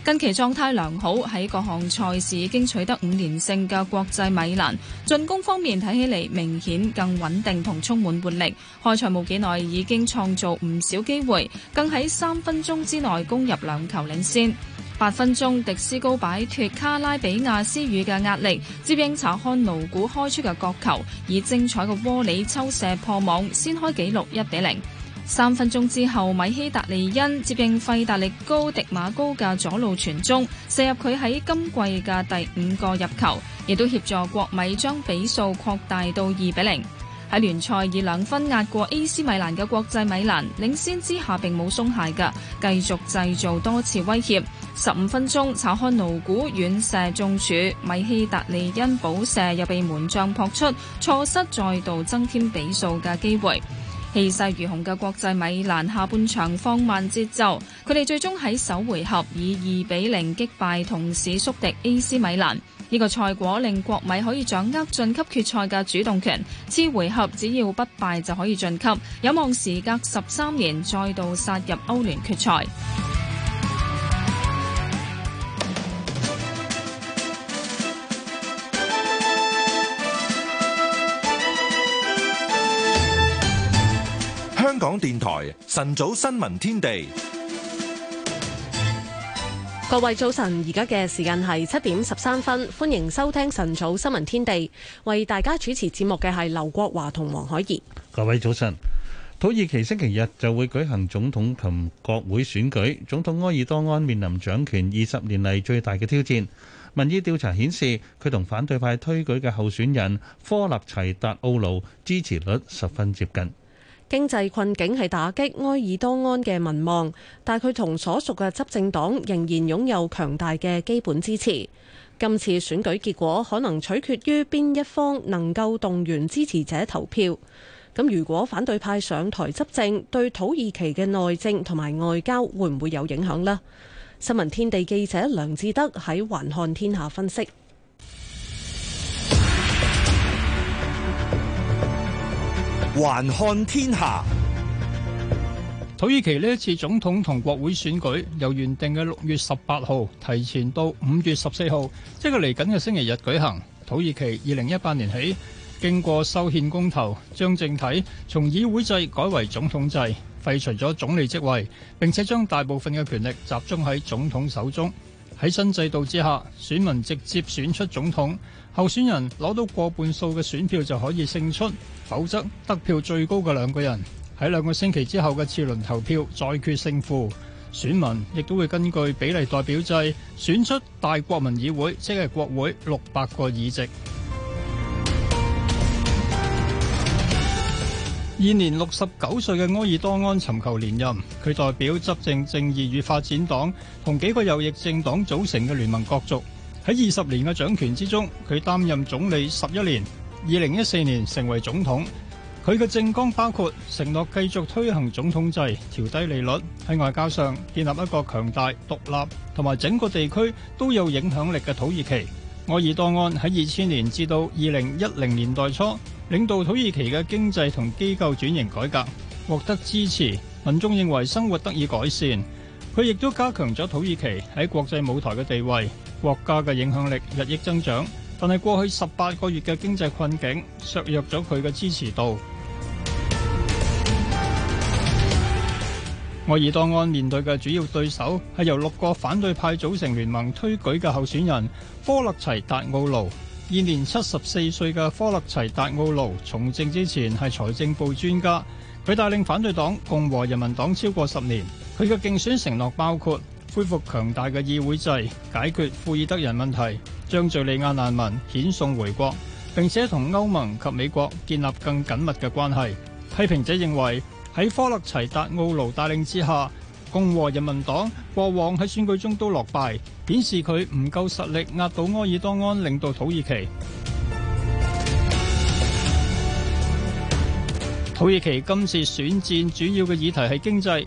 近期狀態良好，喺各項賽事已經取得五連勝嘅國際米蘭，進攻方面睇起嚟，明顯更穩定同充滿活力。開賽冇幾耐已經創造唔少機會，更喺三分鐘之內攻入兩球領先。八分鐘，迪斯高擺脱卡拉比亞斯雨嘅壓力，接應查看盧古開出嘅角球，以精彩嘅窩利抽射破網，先開紀錄一比零。三分鐘之後，米希達利恩接應費達利高迪馬高嘅左路傳中，射入佢喺今季嘅第五個入球，亦都協助國米將比數擴大到二比零。喺聯賽以兩分壓過 AC 米蘭嘅國際米蘭，領先之下並冇鬆懈㗎，繼續製造多次威脅。十五分鐘，查看努股，遠射中柱，米希達利因補射又被門將撲出，錯失再度增添比數嘅機會。氣勢如虹嘅國際米蘭下半場放慢節奏，佢哋最終喺首回合以二比零擊敗同市宿敵 AC 米蘭。呢個賽果令國米可以掌握晉級決賽嘅主動權，次回合只要不敗就可以晉級，有望時隔十三年再度殺入歐聯決賽。香港電台晨早新聞天地。各位早晨，而家嘅時間係七點十三分，歡迎收聽晨早新聞天地。為大家主持節目嘅係劉國華同黃海怡。各位早晨，土耳其星期日就會舉行總統同國會選舉，總統埃爾多安面臨掌權二十年嚟，最大嘅挑戰。民意調查顯示，佢同反對派推舉嘅候選人科納齊達奧路支持率十分接近。經濟困境係打擊埃爾多安嘅民望，但佢同所屬嘅執政黨仍然擁有強大嘅基本支持。今次選舉結果可能取決於邊一方能夠動員支持者投票。咁如果反對派上台執政，對土耳其嘅內政同埋外交會唔會有影響呢？新聞天地記者梁志德喺環看天下分析。還看天下。土耳其呢一次總統同國會選舉由原定嘅六月十八號提前到五月十四號，即係嚟緊嘅星期日舉行。土耳其二零一八年起經過修憲公投，將政體從議會制改為總統制，廢除咗總理職位，並且將大部分嘅權力集中喺總統手中。喺新制度之下，選民直接選出總統。候選人攞到過半數嘅選票就可以勝出，否則得票最高嘅兩個人喺兩個星期之後嘅次輪投票再決勝負。選民亦都會根據比例代表制選出大國民議會，即係國會六百個議席。現 年六十九歲嘅埃爾多安尋求連任，佢代表執政正義與發展黨同幾個右翼政黨組成嘅聯盟國族。喺二十年嘅掌權之中，佢擔任總理十一年，二零一四年成為總統。佢嘅政綱包括承諾繼續推行總統制、調低利率、喺外交上建立一個強大、獨立同埋整個地區都有影響力嘅土耳其。埃爾多安喺二千年至到二零一零年代初領導土耳其嘅經濟同機構轉型改革，獲得支持，民眾認為生活得以改善。佢亦都加強咗土耳其喺國際舞台嘅地位。國家嘅影響力日益增長，但係過去十八個月嘅經濟困境削弱咗佢嘅支持度。埃爾多安面對嘅主要對手係由六個反對派組成聯盟推舉嘅候選人科勒齊達奧盧。現年七十四歲嘅科勒齊達奧盧從政之前係財政部專家，佢帶領反對黨共和人民黨超過十年。佢嘅競選承諾包括，恢復強大嘅議會制，解決庫爾德人問題，將敘利亞難民遣送回國，並且同歐盟及美國建立更緊密嘅關係。批評者認為喺科勒齊達奧盧帶領之下，共和人民黨過往喺選舉中都落敗，顯示佢唔夠實力壓倒埃爾多安領導土耳其。土耳其今次選戰主要嘅議題係經濟。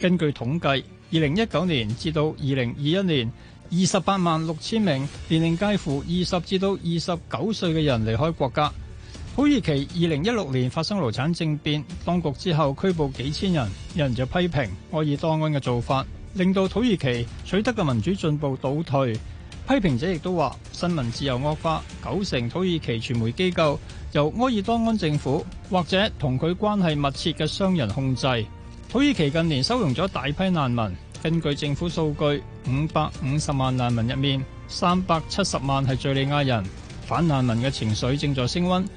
根據統計，二零一九年至到二零二一年，二十八萬六千名年齡介乎二十至到二十九歲嘅人離開國家。土耳其二零一六年發生流產政變，當局之後拘捕幾千人，有人就批評埃爾多安嘅做法令到土耳其取得嘅民主進步倒退。批評者亦都話新聞自由惡化，九成土耳其傳媒機構由埃爾多安政府或者同佢關係密切嘅商人控制。土耳其近年收容咗大批難民，根據政府數據，五百五十萬難民入面，三百七十萬係敍利亞人，反難民嘅情緒正在升溫。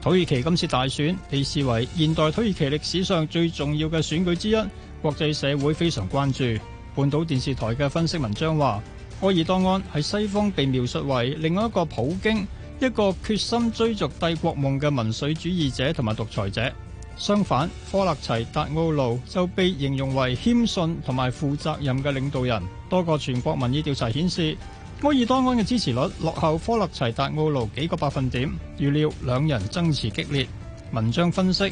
土耳其今次大選被視為現代土耳其歷史上最重要嘅選舉之一，國際社會非常關注。半島電視台嘅分析文章話，艾爾多安喺西方被描述為另外一個普京。一個決心追逐帝國夢嘅民粹主義者同埋獨裁者，相反，科勒齊達奧路就被形容為謙遜同埋負責任嘅領導人。多個全國民意調查顯示，埃爾多安嘅支持率落後科勒齊達奧路幾個百分點，預料兩人爭持激烈。文章分析，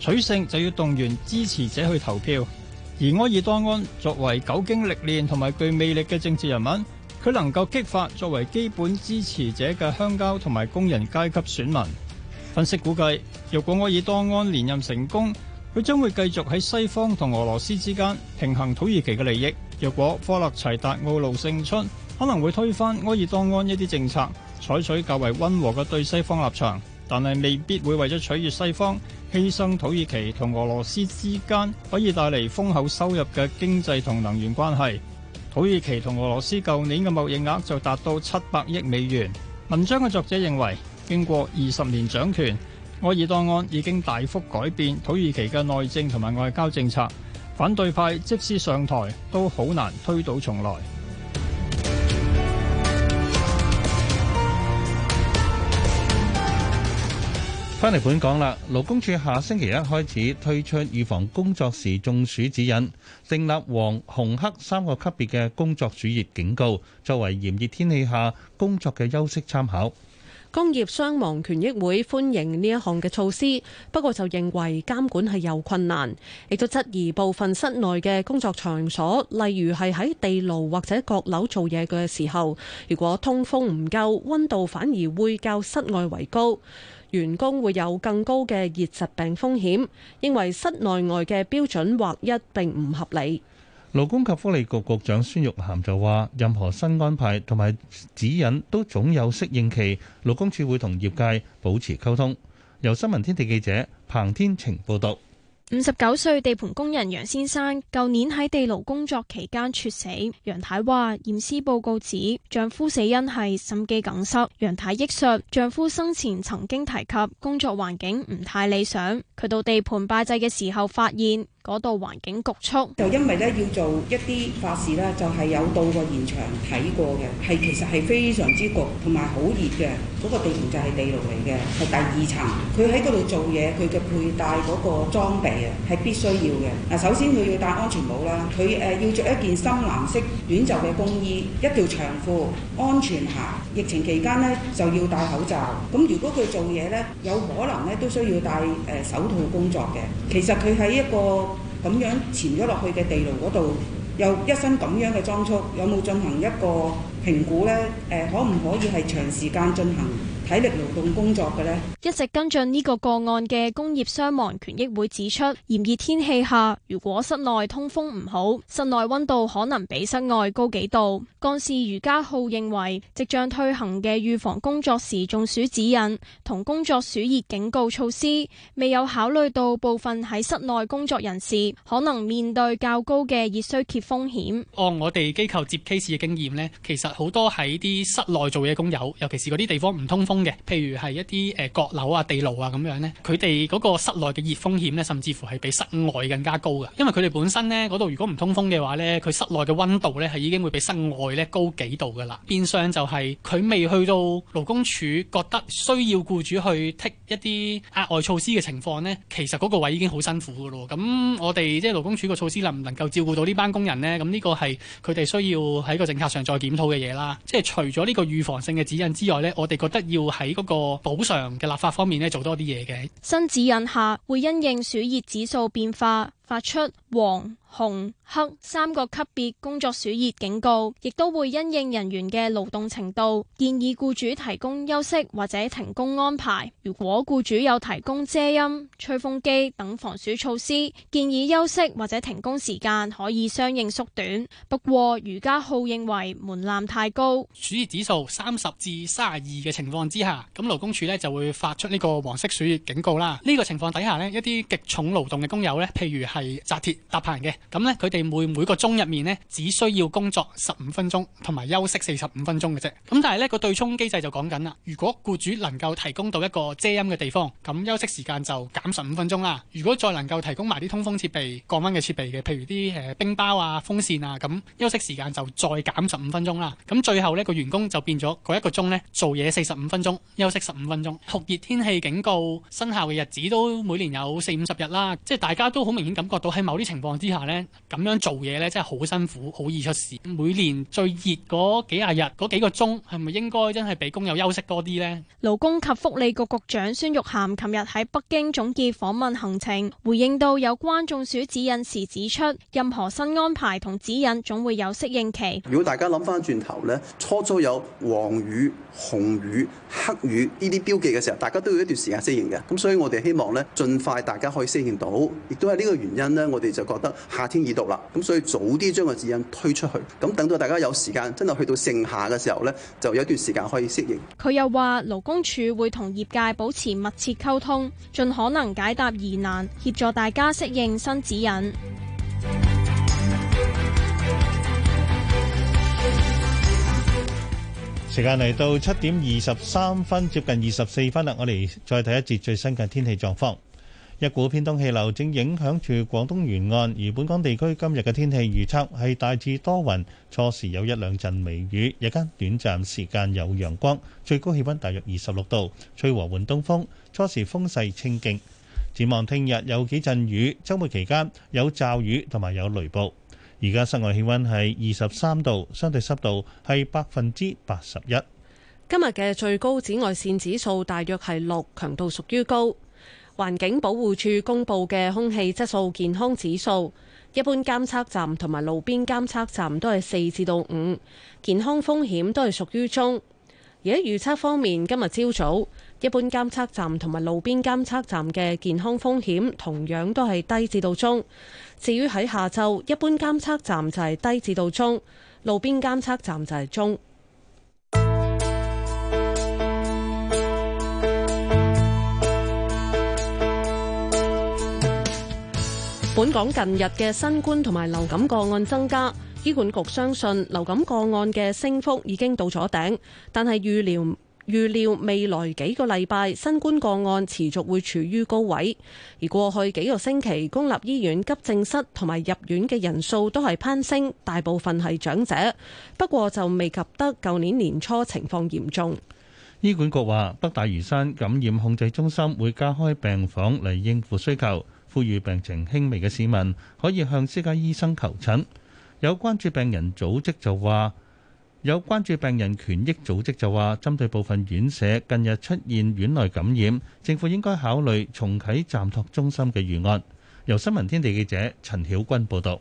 取勝就要動員支持者去投票，而埃爾多安作為久經歷練同埋具魅力嘅政治人物。佢能夠激發作為基本支持者嘅鄉郊同埋工人階級選民。分析估計，若果埃爾多安連任成功，佢將會繼續喺西方同俄羅斯之間平衡土耳其嘅利益。若果科勒齊達奧路勝出，可能會推翻埃爾多安一啲政策，採取較為温和嘅對西方立場，但係未必會為咗取悅西方，犧牲土耳其同俄羅斯之間可以帶嚟豐厚收入嘅經濟同能源關係。土耳其同俄羅斯舊年嘅貿易額就達到七百億美元。文章嘅作者認為，經過二十年掌權，愛爾多安已經大幅改變土耳其嘅內政同埋外交政策，反對派即使上台都好難推倒重來。返嚟本港啦，勞工處下星期一開始推出預防工作時中暑指引，訂立黃、紅、黑三個級別嘅工作暑熱警告，作為炎熱天氣下工作嘅休息參考。工業傷亡權益會歡迎呢一項嘅措施，不過就認為監管係有困難，亦都質疑部分室內嘅工作場所，例如係喺地牢或者閣樓做嘢嘅時候，如果通風唔夠，溫度反而會較室外為高。員工會有更高嘅熱疾病風險，認為室內外嘅標準或一並唔合理。勞工及福利局局長孫玉菡就話：任何新安排同埋指引都總有適應期，勞工處會同業界保持溝通。由新聞天地記者彭天晴報導。五十九歲地盤工人楊先生，舊年喺地牢工作期間猝死。楊太話，驗屍報告指丈夫死因係心肌梗塞。楊太憶述，丈夫生前曾經提及工作環境唔太理想。佢到地盤拜祭嘅時候發現。嗰度環境局促，就因為咧要做一啲法事咧，就係有到過現場睇過嘅，係其實係非常之焗，同埋好熱嘅。嗰個地盤就係地牢嚟嘅，係第二層。佢喺嗰度做嘢，佢嘅佩戴嗰個裝備啊，係必須要嘅。嗱，首先佢要戴安全帽啦，佢誒要着一件深藍色短袖嘅工衣，一條長褲、安全鞋。疫情期間呢就要戴口罩。咁如果佢做嘢呢，有可能咧都需要戴誒手套工作嘅。其實佢喺一個。咁樣潛咗落去嘅地牢嗰度，又一身咁樣嘅裝束，有冇進行一個評估咧？誒、呃，可唔可以係長時間進行？體力勞動工作嘅呢，一直跟進呢個個案嘅工業傷亡權益會指出，炎熱天氣下，如果室內通風唔好，室內溫度可能比室外高幾度。幹事余家浩認為，即將推行嘅預防工作時中暑指引同工作暑熱警告措施，未有考慮到部分喺室內工作人士可能面對較高嘅熱衰竭風險。按我哋機構接 case 嘅經驗呢，其實好多喺啲室內做嘢工友，尤其是嗰啲地方唔通風。譬如係一啲誒閣樓啊、地牢啊咁樣呢，佢哋嗰個室內嘅熱風險呢，甚至乎係比室外更加高嘅，因為佢哋本身呢嗰度如果唔通風嘅話呢，佢室內嘅溫度呢，係已經會比室外呢高幾度噶啦。變相就係、是、佢未去到勞工處覺得需要僱主去剔一啲額外措施嘅情況呢，其實嗰個位已經好辛苦噶咯。咁我哋即係勞工處個措施能唔能夠照顧到呢班工人呢？咁呢個係佢哋需要喺個政策上再檢討嘅嘢啦。即係除咗呢個預防性嘅指引之外呢，我哋覺得要。喺嗰個補償嘅立法方面咧，做多啲嘢嘅新指引下，會因應暑熱指數變化。發出黃、紅、黑三個級別工作暑熱警告，亦都會因應人員嘅勞動程度，建議僱主提供休息或者停工安排。如果僱主有提供遮陰、吹風機等防暑措施，建議休息或者停工時間可以相應縮短。不過，余嘉浩認為門檻太高，暑熱指數三十至卅二嘅情況之下，咁勞工處咧就會發出呢個黃色暑熱警告啦。呢個情況底下呢，一啲極重勞動嘅工友咧，譬如係。係紮鐵搭棚嘅，咁咧佢哋每每個鐘入面咧，只需要工作十五分鐘，同埋休息四十五分鐘嘅啫。咁但係咧個對沖機制就講緊啦，如果雇主能夠提供到一個遮陰嘅地方，咁休息時間就減十五分鐘啦。如果再能夠提供埋啲通風設備、降溫嘅設備嘅，譬如啲誒冰包啊、風扇啊，咁休息時間就再減十五分鐘啦。咁最後咧個員工就變咗嗰一個鐘咧，做嘢四十五分鐘，休息十五分鐘。酷熱天氣警告生效嘅日子都每年有四五十日啦，即係大家都好明顯咁覺到喺某啲情況之下呢，咁樣做嘢呢真係好辛苦，好易出事。每年最熱嗰幾廿日，嗰幾個鐘係咪應該真係俾工友休息多啲呢？勞工及福利局局長孫玉涵琴日喺北京總結訪問行程，回應到有關中暑指引時指出，任何新安排同指引總會有適應期。如果大家諗翻轉頭呢，初初有黃雨、紅雨、黑雨呢啲標記嘅時候，大家都要一段時間適應嘅。咁所以我哋希望呢，盡快大家可以適應到，亦都係呢個原因。因咧，我哋就覺得夏天已到啦，咁所以早啲將個指引推出去，咁等到大家有時間真係去到盛夏嘅時候呢，就有一段時間可以適應。佢又話勞工處會同業界保持密切溝通，盡可能解答疑難，協助大家適應新指引。時間嚟到七點二十三分，接近二十四分啦。我哋再睇一節最新嘅天氣狀況。一股偏東氣流正影響住廣東沿岸，而本港地區今日嘅天氣預測係大致多雲，初時有一兩陣微雨，日間短暫時間有陽光，最高氣温大約二十六度，吹和緩東風，初時風勢清勁。展望聽日有幾陣雨，周末期間有驟雨同埋有雷暴。而家室外氣温係二十三度，相對濕度係百分之八十一。今日嘅最高紫外線指數大約係六，強度屬於高。環境保護署公布嘅空氣質素健康指數，一般監測站同埋路邊監測站都係四至到五，健康風險都係屬於中。而喺預測方面，今日朝早，一般監測站同埋路邊監測站嘅健康風險同樣都係低至到中。至於喺下晝，一般監測站就係低至到中，路邊監測站就係中。本港近日嘅新冠同埋流感個案增加，醫管局相信流感個案嘅升幅已經到咗頂，但係預料預料未來幾個禮拜新冠個案持續會處於高位。而過去幾個星期公立醫院急症室同埋入院嘅人數都係攀升，大部分係長者，不過就未及得舊年年初情況嚴重。醫管局話，北大嶼山感染控制中心會加開病房嚟應付需求。呼籲病情輕微嘅市民可以向私家醫生求診。有關注病人組織就話，有關注病人權益組織就話，針對部分院舍近日出現院內感染，政府應該考慮重啟暫托中心嘅預案。由新聞天地記者陳曉君報道。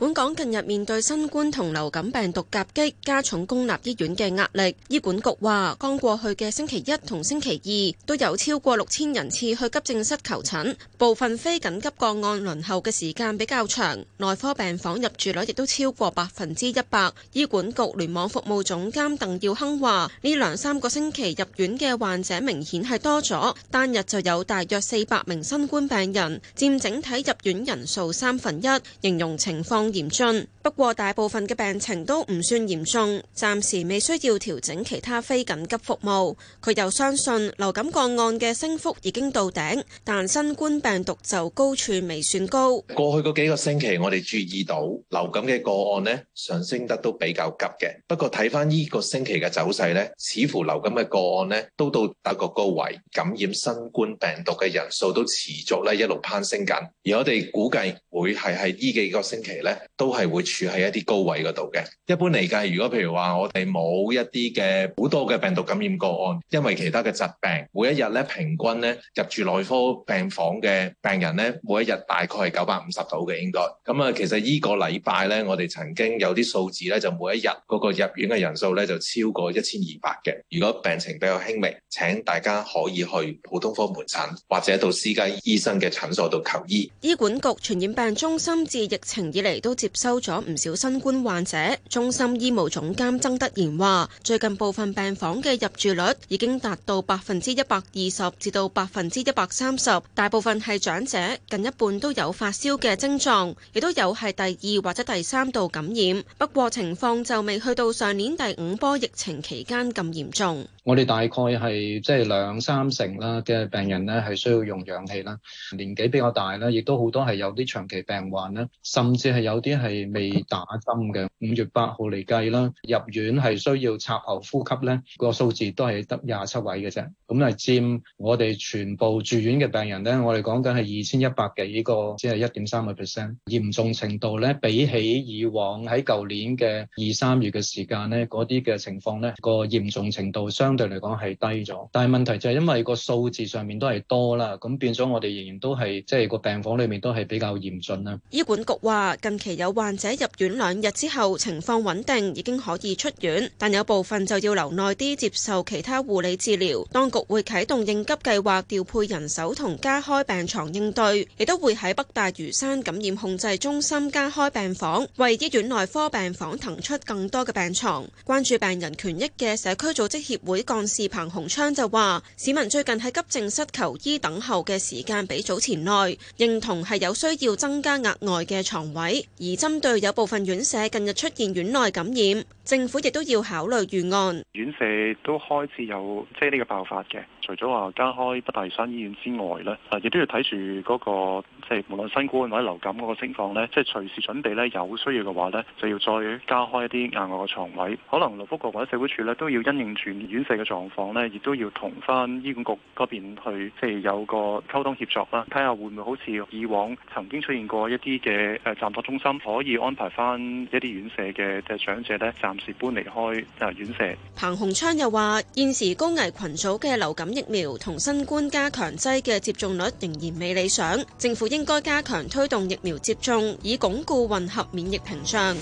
本港近日面對新冠同流感病毒夾擊，加重公立醫院嘅壓力。醫管局話，剛過去嘅星期一同星期二都有超過六千人次去急症室求診，部分非緊急個案輪候嘅時間比較長，內科病房入住率亦都超過百分之一百。醫管局聯網服務總監鄧耀亨話：呢兩三個星期入院嘅患者明顯係多咗，單日就有大約四百名新冠病人，佔整體入院人數三分一。形容情況嚴峻。im 不過大部分嘅病情都唔算嚴重，暫時未需要調整其他非緊急服務。佢又相信流感個案嘅升幅已經到頂，但新冠病毒就高處未算高。過去嗰幾個星期，我哋注意到流感嘅個案咧上升得都比較急嘅。不過睇翻呢個星期嘅走勢咧，似乎流感嘅個案咧都到達個高位，感染新冠病毒嘅人數都持續咧一路攀升緊。而我哋估計會係喺呢幾個星期咧都係會住喺一啲高位嗰度嘅，一般嚟計，如果譬如話我哋冇一啲嘅好多嘅病毒感染個案，因為其他嘅疾病，每一日咧平均咧入住內科病房嘅病人咧，每一日大概係九百五十度嘅應該。咁啊，其實依個禮拜咧，我哋曾經有啲數字咧，就每一日嗰個入院嘅人數咧就超過一千二百嘅。如果病情比較輕微，請大家可以去普通科門診或者到私家醫生嘅診所度求醫。醫管局傳染病中心自疫情以嚟都接收咗。唔少新冠患者，中心醫務總監曾德賢話，最近部分病房嘅入住率已經達到百分之一百二十至到百分之一百三十，大部分係長者，近一半都有發燒嘅症狀，亦都有係第二或者第三度感染。不過情況就未去到上年第五波疫情期間咁嚴重。我哋大概係即係兩三成啦嘅病人咧，係需要用氧氣啦，年紀比較大啦，亦都好多係有啲長期病患啦，甚至係有啲係未打針嘅。五月八號嚟計啦，入院係需要插喉呼吸咧，個數字都係得廿七位嘅啫。咁係佔我哋全部住院嘅病人咧，我哋講緊係二千一百幾個，只係一點三個 percent。嚴重程度咧，比起以往喺舊年嘅二三月嘅時間咧，嗰啲嘅情況咧，個嚴重程度相。相對嚟講係低咗，但係問題就係因為個數字上面都係多啦，咁變咗我哋仍然都係即係個病房裏面都係比較嚴峻啦。醫管局話，近期有患者入院，兩日之後情況穩定，已經可以出院，但有部分就要留耐啲接受其他護理治療。當局會啟動應急計劃，調配人手同加開病床應對，亦都會喺北大嶼山感染控制中心加開病房，為醫院內科病房騰出更多嘅病床。關注病人權益嘅社區組織協會。幹事彭洪昌就話，市民最近喺急症室求醫等候嘅時間比早前耐，認同係有需要增加額外嘅床位。而針對有部分院舍近日出現院內感染，政府亦都要考慮預案。院舍都開始有即係呢個爆發嘅。除咗話加開北大山醫院之外咧，啊、那個，亦都要睇住嗰個即係無論新冠或者流感嗰個情況咧，即係隨時準備咧有需要嘅話咧，就要再加開一啲額外嘅床位。可能勞福局或者社會處咧都要因應住院舍嘅狀況咧，亦都要同翻醫管局嗰邊去即係有個溝通協作啦，睇下會唔會好似以往曾經出現過一啲嘅誒暫托中心，可以安排翻一啲院舍嘅嘅長者咧，暫時搬離開就院舍。彭洪昌又話：現時高危群組嘅流感。疫苗同新冠加強劑嘅接種率仍然未理想，政府應該加強推動疫苗接種，以鞏固混合免疫屏障。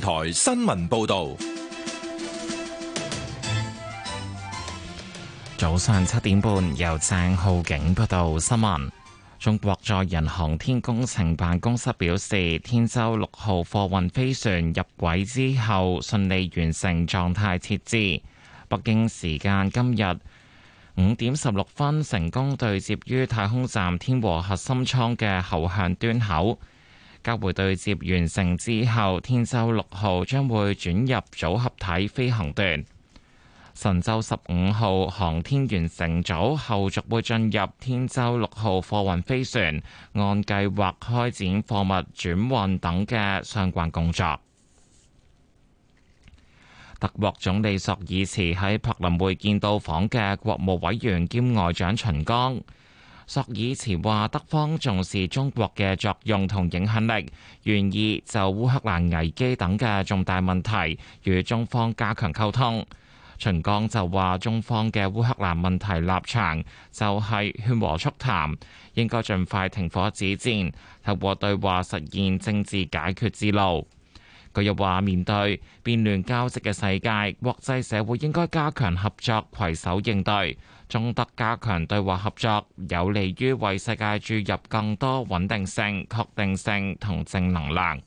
台新聞報道，早上七點半由鄭浩景報道新聞。中國載人航天工程辦公室表示，天舟六號貨運飛船入軌之後，順利完成狀態設置。北京時間今日五點十六分，成功對接於太空站天和核心艙嘅後向端口。交會對接完成之後，天舟六號將會轉入組合體飛行段。神舟十五號航天員乘組後續會進入天舟六號貨運飛船，按計劃開展貨物轉運等嘅相關工作。德國總理朔爾茨喺柏林會見到訪嘅國務委員兼外長秦剛。索爾茨話德方重視中國嘅作用同影響力，願意就烏克蘭危機等嘅重大問題與中方加強溝通。秦剛就話中方嘅烏克蘭問題立場就係勸和促談，應該盡快停火止戰，透過對話實現政治解決之路。佢又話面對變亂交織嘅世界，國際社會應該加強合作，攜手應對。中德加強對話合作，有利於為世界注入更多穩定性、確定性同正能量。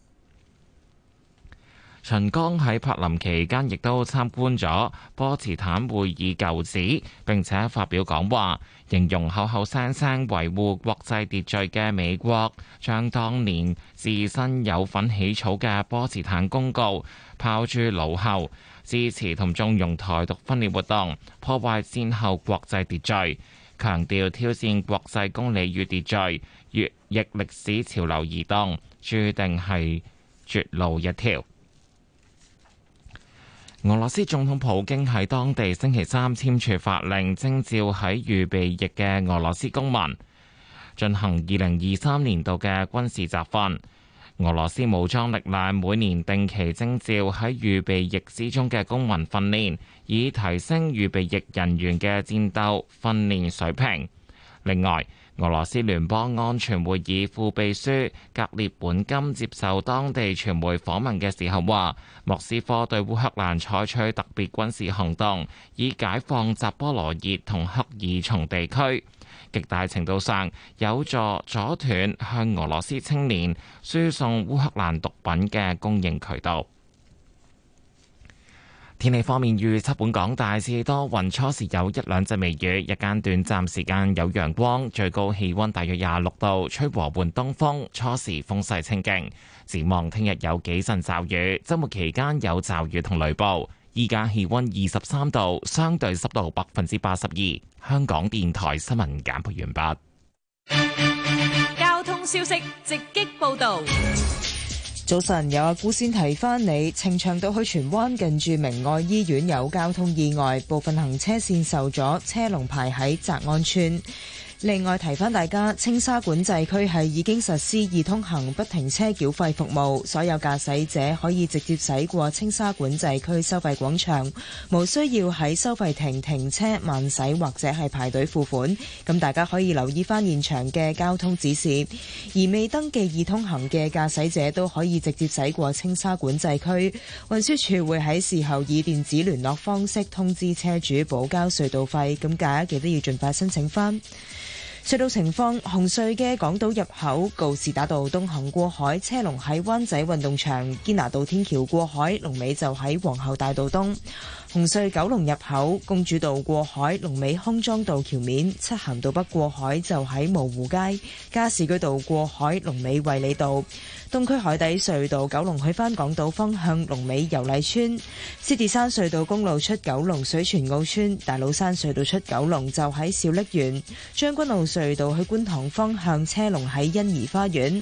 秦剛喺柏林期間，亦都參觀咗波茨坦會議舊址，並且發表講話。形容口口聲聲維護國際秩序嘅美國將當年自身有份起草嘅波茨坦公告拋諸腦後，支持同縱容台獨分裂活動，破壞戰後國際秩序，強調挑戰國際公理與秩序，越逆歷史潮流而動，注定係絕路一條。俄羅斯總統普京喺當地星期三簽署法令，徵召喺預備役嘅俄羅斯公民進行二零二三年度嘅軍事集訓。俄羅斯武裝力量每年定期徵召喺預備役之中嘅公民訓練，以提升預備役人員嘅戰鬥訓練水平。另外，俄羅斯聯邦安全會議副秘書格列本金接受當地傳媒訪問嘅時候話：莫斯科對烏克蘭採取特別軍事行動，以解放扎波羅熱同赫爾松地區，極大程度上有助阻斷向俄羅斯青年輸送烏克蘭毒品嘅供應渠道。天氣方面，預測本港大致多雲，初時有一兩陣微雨，日間短暫時間有陽光，最高氣溫大約廿六度，吹和緩東風，初時風勢清勁。展望聽日有幾陣驟雨，周末期間有驟雨同雷暴。依家氣温二十三度，相對濕度百分之八十二。香港電台新聞簡報完畢。交通消息直擊報道。早晨，有阿姑先提翻你，呈祥道去荃灣近住明愛醫院有交通意外，部分行車線受阻，車龍排喺澤安村。另外提翻大家，青沙管制區係已經實施易通行不停車繳費服務，所有駕駛者可以直接駛過青沙管制區收費廣場，無需要喺收費亭停車慢駛或者係排隊付款。咁大家可以留意翻現場嘅交通指示，而未登記易通行嘅駕駛者都可以直接駛過青沙管制區。運輸署會喺事後以電子聯絡方式通知車主補交隧道費，咁大家記得要盡快申請翻。隧道情況，紅隧嘅港島入口告士打道東行過海，車龍喺灣仔運動場堅拿道天橋過海，龍尾就喺皇后大道東。紅隧九龍入口公主道過海，龍尾康莊道橋面；漆咸道北過海就喺蕪湖街，加士居道過海龍尾衛理道。東區海底隧道九龍去返港島方向龍尾油麗邨，獅子山隧道公路出九龍水泉澳村，大老山隧道出九龍就喺小瀝源，將軍澳隧道去觀塘方向車龍喺欣怡花園。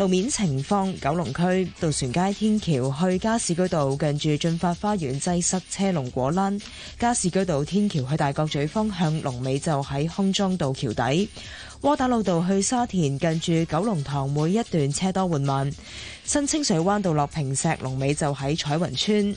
路面情況：九龍區渡船街天橋去加士居道，近住駿發花園擠塞車龍果欄；加士居道天橋去大角咀方向，龍尾就喺康莊道橋底；窩打老道去沙田，近住九龍塘每一段車多緩慢；新清水灣道落坪石，龍尾就喺彩雲村。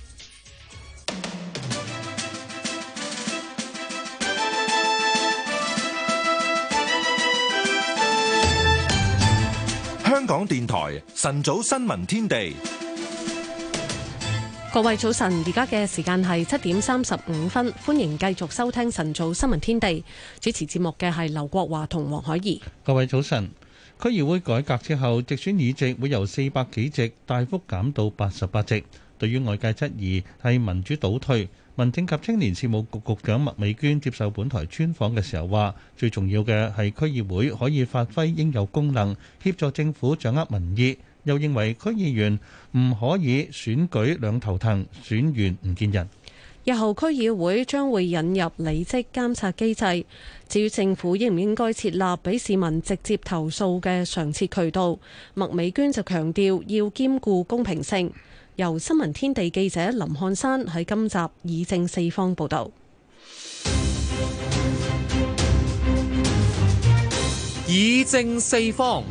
港電台晨早新聞天地，各位早晨，而家嘅時間係七點三十五分，歡迎繼續收聽晨早新聞天地。主持節目嘅係劉國華同黃海怡。各位早晨，區議會改革之後，直選議席會由四百幾席大幅減到八十八席，對於外界質疑係民主倒退。民政及青年事務局局長麥美娟接受本台專訪嘅時候話，最重要嘅係區議會可以發揮應有功能，協助政府掌握民意。又認為區議員唔可以選舉兩頭騰，選完唔見人。日後區議會將會引入履職監察機制，至於政府應唔應該設立俾市民直接投訴嘅常設渠道，麥美娟就強調要兼顧公平性。由新聞天地記者林漢山喺今集以正四方報道，以正四方。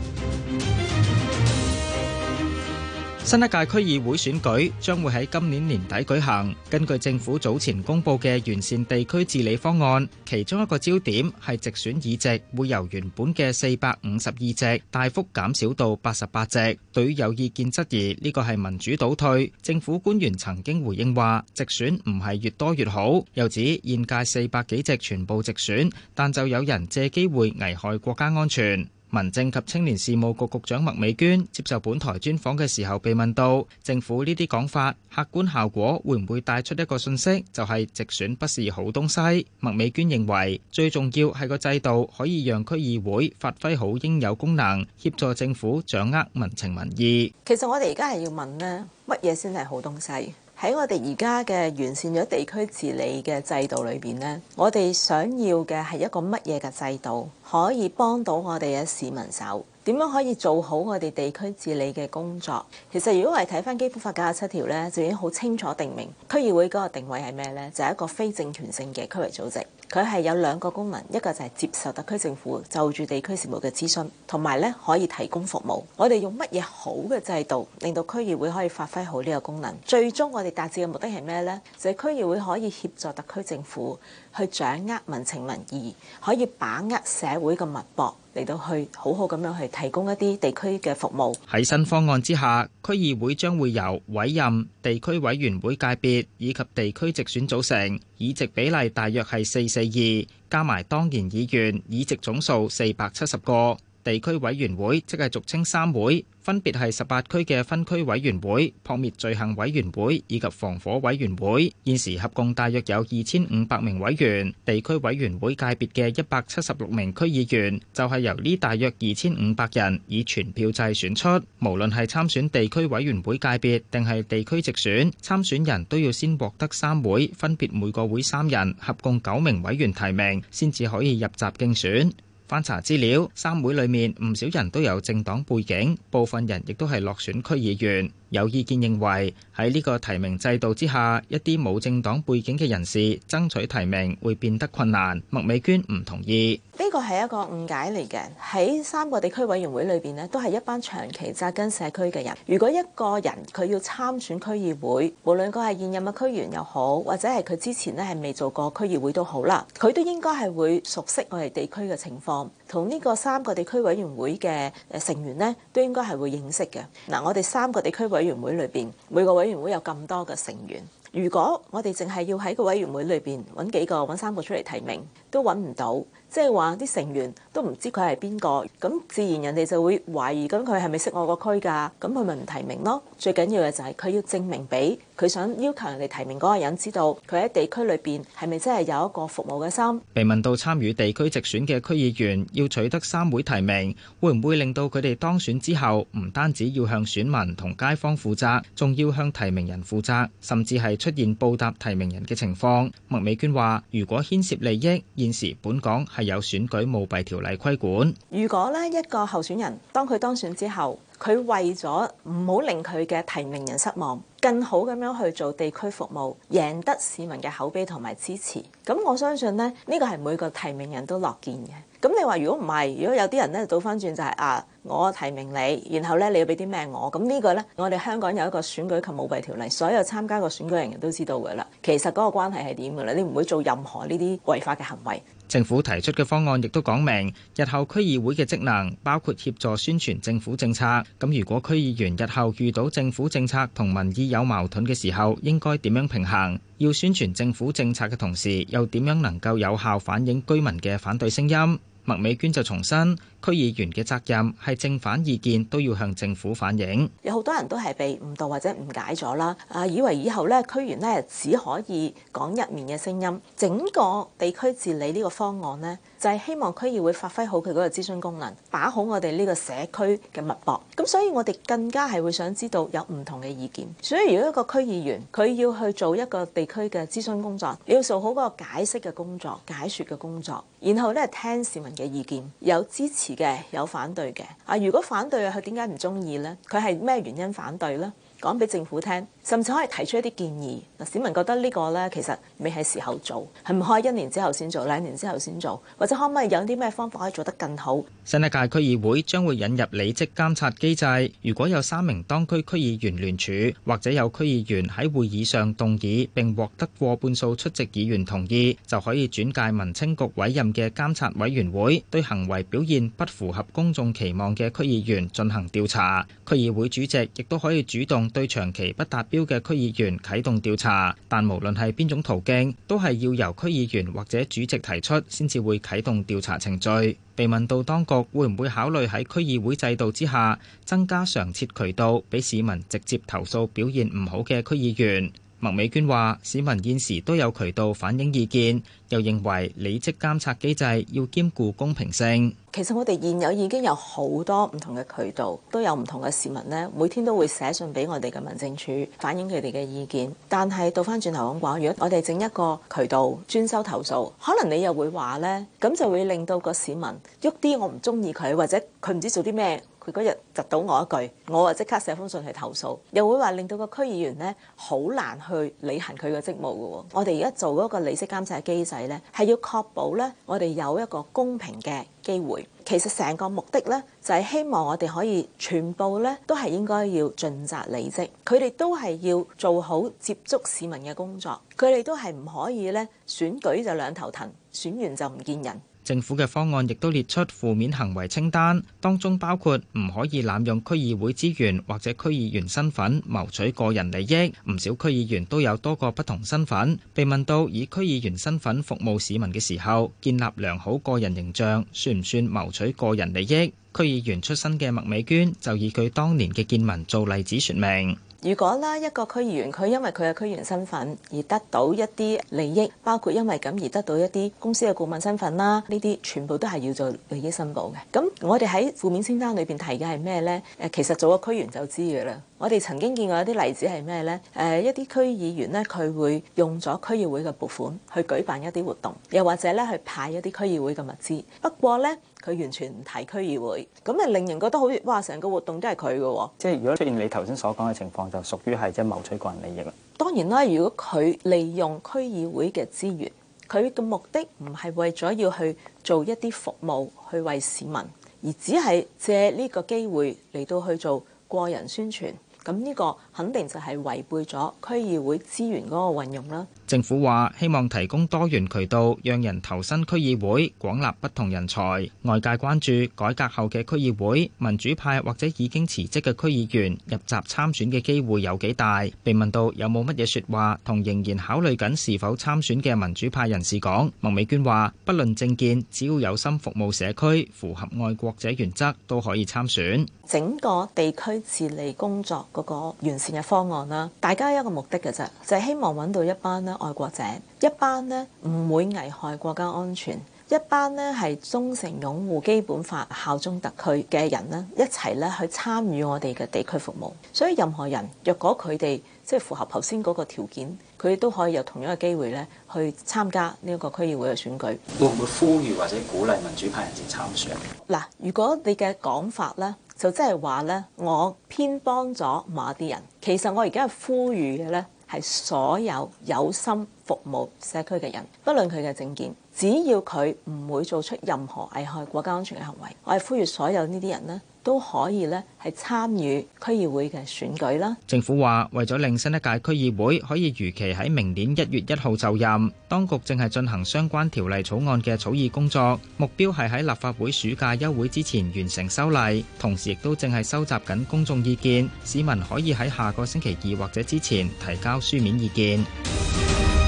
新一屆區議會選舉將會喺今年年底舉行。根據政府早前公布嘅完善地區治理方案，其中一個焦點係直選議席會由原本嘅四百五十二隻大幅減少到八十八隻。對於有意見質疑呢個係民主倒退，政府官員曾經回應話：直選唔係越多越好。又指現屆四百幾隻全部直選，但就有人借機會危害國家安全。民政及青年事務局局長麥美娟接受本台專訪嘅時候，被問到政府呢啲講法，客觀效果會唔會帶出一個信息，就係直選不是好東西？麥美娟認為最重要係個制度可以讓區議會發揮好應有功能，協助政府掌握民情民意。其實我哋而家係要問咧，乜嘢先係好東西？喺我哋而家嘅完善咗地區治理嘅制度裏邊咧，我哋想要嘅係一個乜嘢嘅制度，可以幫到我哋嘅市民手？點樣可以做好我哋地區治理嘅工作？其實如果我哋睇翻《基本法》九十七條咧，就已經好清楚定明，區議會嗰個定位係咩咧？就係一個非政權性嘅區域組織。佢係有兩個功能，一個就係接受特區政府就住地區事務嘅諮詢，同埋咧可以提供服務。我哋用乜嘢好嘅制度，令到區議會可以發揮好呢個功能？最終我哋達至嘅目的係咩呢？就係區議會可以協助特區政府。去掌握民情民意，可以把握社會嘅脈搏，嚟到去好好咁樣去提供一啲地區嘅服務。喺新方案之下，區議會將會由委任、地區委員會界別以及地區直選組，組成，議席比例大約係四四二，加埋當年議員，議席總數四百七十個。地區委員會即係俗稱三會，分別係十八區嘅分區委員會、撲滅罪行委員會以及防火委員會。現時合共大約有二千五百名委員。地區委員會界別嘅一百七十六名區議員，就係、是、由呢大約二千五百人以全票制選出。無論係參選地區委員會界別定係地區直選，參選人都要先獲得三會分別每個會三人，合共九名委員提名，先至可以入閘競選。翻查資料，三會裏面唔少人都有政黨背景，部分人亦都係落選區議員。有意見認為喺呢個提名制度之下，一啲冇政黨背景嘅人士爭取提名會變得困難。麥美娟唔同意，呢個係一個誤解嚟嘅。喺三個地區委員會裏邊呢，都係一班長期紮根社區嘅人。如果一個人佢要參選區議會，無論佢係現任嘅區議員又好，或者係佢之前呢係未做過區議會都好啦，佢都應該係會熟悉我哋地區嘅情況。同呢個三個地區委員會嘅成員呢，都應該係會認識嘅。嗱，我哋三個地區委員會裏邊，每個委員會有咁多嘅成員。如果我哋淨係要喺個委員會裏邊揾幾個、揾三個出嚟提名，都揾唔到。即係話啲成員都唔知佢係邊個，咁自然人哋就會懷疑，咁佢係咪識我個區㗎？咁佢咪唔提名咯？最緊要嘅就係佢要證明俾佢想要求人哋提名嗰個人知道，佢喺地區裏邊係咪真係有一個服務嘅心？被問到參與地區直選嘅區議員要取得三會提名，會唔會令到佢哋當選之後，唔單止要向選民同街坊負責，仲要向提名人負責，甚至係出現報答提名人嘅情況？麥美娟話：如果牽涉利益，現時本港係有選舉舞弊條例規管。如果咧一個候選人，當佢當選之後，佢為咗唔好令佢嘅提名人失望，更好咁樣去做地區服務，贏得市民嘅口碑同埋支持，咁我相信咧呢、呢個係每個提名人都樂見嘅。咁你話如果唔係，如果有啲人咧倒翻轉就係、是、啊。我提名你，然後咧，你要俾啲咩我？咁呢個咧，我哋香港有一個選舉及舞弊條例，所有參加過選舉人員都知道㗎啦。其實嗰個關係係點㗎啦？你唔會做任何呢啲違法嘅行為。政府提出嘅方案亦都講明，日後區議會嘅職能包括協助宣傳政府政策。咁如果區議員日後遇到政府政策同民意有矛盾嘅時候，應該點樣平衡？要宣傳政府政策嘅同時，又點樣能夠有效反映居民嘅反對聲音？麥美娟就重申。區議員嘅責任係正反意見都要向政府反映，有好多人都係被誤導或者誤解咗啦。啊，以為以後咧區議員咧只可以講入面嘅聲音，整個地區治理呢個方案呢，就係希望區議會發揮好佢嗰個諮詢功能，把好我哋呢個社區嘅脈搏。咁所以我哋更加係會想知道有唔同嘅意見。所以如果一個區議員佢要去做一個地區嘅諮詢工作，你要做好嗰個解釋嘅工作、解説嘅工作，然後咧聽市民嘅意見，有支持嘅有反對嘅。啊，如果反對啊，佢點解唔中意咧？佢係咩原因反對咧？講俾政府聽。甚至可以提出一啲建議，嗱，市民覺得呢個咧，其實未係時候做，係唔可以一年之後先做，兩年之後先做，或者可唔可以有啲咩方法可以做得更好？新一屆區議會將會引入履職監察機制。如果有三名當區區議員聯署，或者有區議員喺會議上動議並獲得過半數出席議員同意，就可以轉介民青局委任嘅監察委員會對行為表現不符合公眾期望嘅區議員進行調查。區議會主席亦都可以主動對長期不達標，嘅區議員啟動調查，但無論係邊種途徑，都係要由區議員或者主席提出，先至會啟動調查程序。被問到當局會唔會考慮喺區議會制度之下增加常設渠道，俾市民直接投訴表現唔好嘅區議員。麥美娟話：市民現時都有渠道反映意見，又認為履職監察機制要兼顧公平性。其實我哋現有已經有好多唔同嘅渠道，都有唔同嘅市民呢，每天都會寫信俾我哋嘅民政處反映佢哋嘅意見。但係到翻轉頭講話，如果我哋整一個渠道專收投訴，可能你又會話呢，咁就會令到個市民喐啲，我唔中意，佢或者佢唔知做啲咩。佢嗰日窒到我一句，我啊即刻寫封信去投訴，又會話令到個區議員咧好難去履行佢個職務嘅。 我哋而家做嗰個履職監察機制咧，係要確保咧我哋有一個公平嘅機會。其實成個目的咧就係、是、希望我哋可以全部咧都係應該要盡責履職，佢哋都係要做好接觸市民嘅工作，佢哋都係唔可以咧選舉就兩頭騰，選完就唔見人。政府嘅方案亦都列出負面行為清單，當中包括唔可以濫用區議會資源或者區議員身份謀取個人利益。唔少區議員都有多個不同身份。被問到以區議員身份服務市民嘅時候，建立良好個人形象算唔算謀取個人利益？區議員出身嘅麥美娟就以佢當年嘅見聞做例子說明。如果啦，一個區議員佢因為佢嘅區議員身份而得到一啲利益，包括因為咁而得到一啲公司嘅顧問身份啦，呢啲全部都係要做利益申報嘅。咁我哋喺負面清單裏邊提嘅係咩呢？誒，其實做個區議員就知嘅啦。我哋曾經見過一啲例子係咩呢？誒、呃，一啲區議員呢，佢會用咗區議會嘅撥款去舉辦一啲活動，又或者咧去派一啲區議會嘅物資。不過呢，佢完全唔提區議會，咁咪令人覺得好似，哇！成個活動都係佢嘅喎。即係如果出現你頭先所講嘅情況，就屬於係即係謀取個人利益啦。當然啦，如果佢利用區議會嘅資源，佢嘅目的唔係為咗要去做一啲服務去為市民，而只係借呢個機會嚟到去做個人宣傳，咁呢個。肯定就係違背咗區議會資源嗰個運用啦。政府話希望提供多元渠道，讓人投身區議會，廣納不同人才。外界關注改革後嘅區議會，民主派或者已經辭職嘅區議員入閘參選嘅機會有幾大？被問到有冇乜嘢説話同仍然考慮緊是否參選嘅民主派人士講，麥美娟話：不論政見，只要有心服務社區，符合愛國者原則，都可以參選。整個地區治理工作嗰個完善。嘅方案啦，大家有一個目的嘅啫，就係希望揾到一班咧愛國者，一班咧唔會危害國家安全，一班咧係忠誠擁護基本法、效忠特區嘅人咧，一齊咧去參與我哋嘅地區服務。所以任何人，若果佢哋即係符合頭先嗰個條件，佢都可以有同樣嘅機會咧去參加呢一個區議會嘅選舉。會唔會呼籲或者鼓勵民主派人士參選？嗱，如果你嘅講法呢。就即係話呢，我偏幫咗某啲人。其實我而家係呼籲嘅呢，係所有有心服務社區嘅人，不論佢嘅政見，只要佢唔會做出任何危害國家安全嘅行為，我係呼籲所有呢啲人呢。都可以咧，係參與區議會嘅選舉啦。政府話，為咗令新一屆區議會可以如期喺明年一月一號就任，當局正係進行相關條例草案嘅草擬工作，目標係喺立法會暑假休會之前完成修例，同時亦都正係收集緊公眾意見，市民可以喺下個星期二或者之前提交書面意見。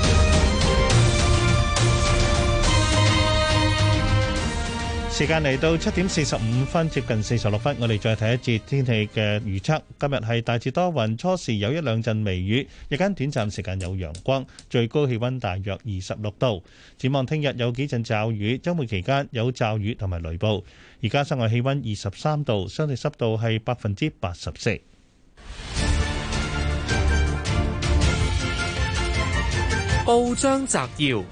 時間嚟到七點四十五分，接近四十六分，我哋再睇一節天氣嘅預測。今日係大致多雲，初時有一兩陣微雨，日間短暫時間有陽光，最高氣溫大約二十六度。展望聽日有幾陣驟雨，周末期間有驟雨同埋雷暴。而家室外氣溫二十三度，相對濕度係百分之八十四。報章摘要。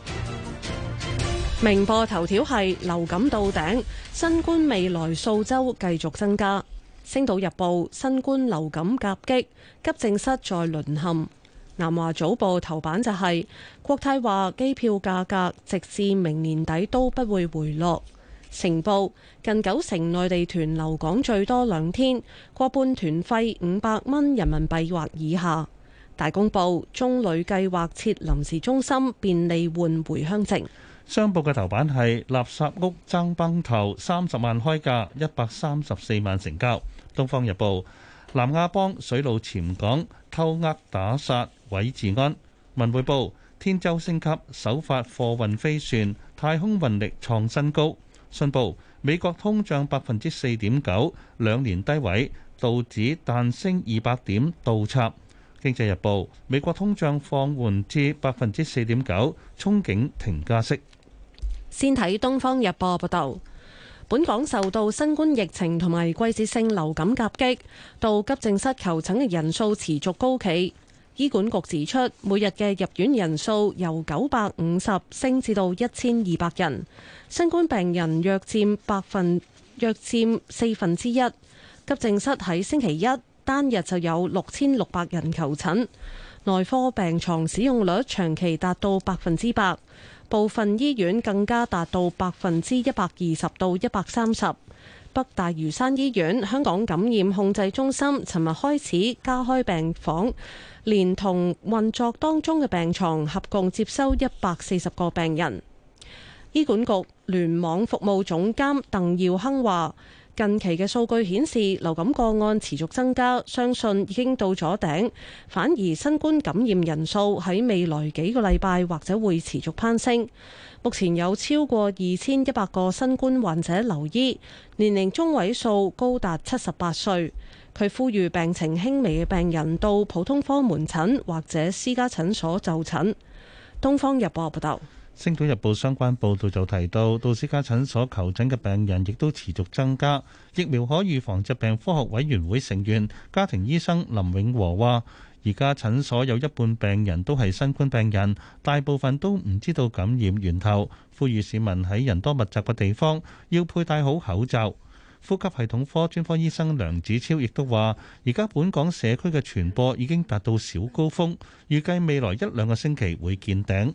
明報頭條係流感到頂，新冠未來數周繼續增加。星島日報新冠流感夾擊，急症室再淪陷。南華早報頭版就係、是、國泰話機票價格直至明年底都不會回落。成報近九成內地團留港最多兩天，過半團費五百蚊人民幣或以下。大公報中旅計劃設臨時中心，便利換回鄉證。商報嘅頭版係垃圾屋爭崩頭，三十萬開價，一百三十四萬成交。東方日報：南亞幫水路潛港偷呃打殺毀治安。文匯報：天舟升級首發貨運飛船，太空運力創新高。信報：美國通脹百分之四點九，兩年低位，道指彈升二百點，倒插。經濟日報：美國通脹放緩至百分之四點九，憧憬停加息。先睇《東方日報》報道，本港受到新冠疫情同埋季節性流感夾擊，到急症室求診嘅人數持續高企。醫管局指出，每日嘅入院人數由九百五十升至到一千二百人，新冠病人約佔百分約佔四分之一。急症室喺星期一單日就有六千六百人求診，內科病床使用率長期達到百分之百。部分醫院更加達到百分之一百二十到一百三十。北大嶼山醫院香港感染控制中心尋日開始加開病房，連同運作當中嘅病床，合共接收一百四十個病人。醫管局聯網服務總監鄧耀亨話。近期嘅數據顯示流感個案持續增加，相信已經到咗頂，反而新冠感染人數喺未來幾個禮拜或者會持續攀升。目前有超過二千一百個新冠患者留醫，年齡中位數高達七十八歲，佢呼籲病情輕微嘅病人到普通科門診或者私家診所就診，東方日報報道。星島日報相關報導就提到，到私家診所求診嘅病人亦都持續增加。疫苗可預防疾病科學委員會成員、家庭醫生林永和話，而家診所有一半病人都係新冠病人，大部分都唔知道感染源頭。呼籲市民喺人多密集嘅地方要佩戴好口罩。呼吸系統科專科醫生梁子超亦都話，而家本港社區嘅傳播已經達到小高峰，預計未來一兩個星期會見頂。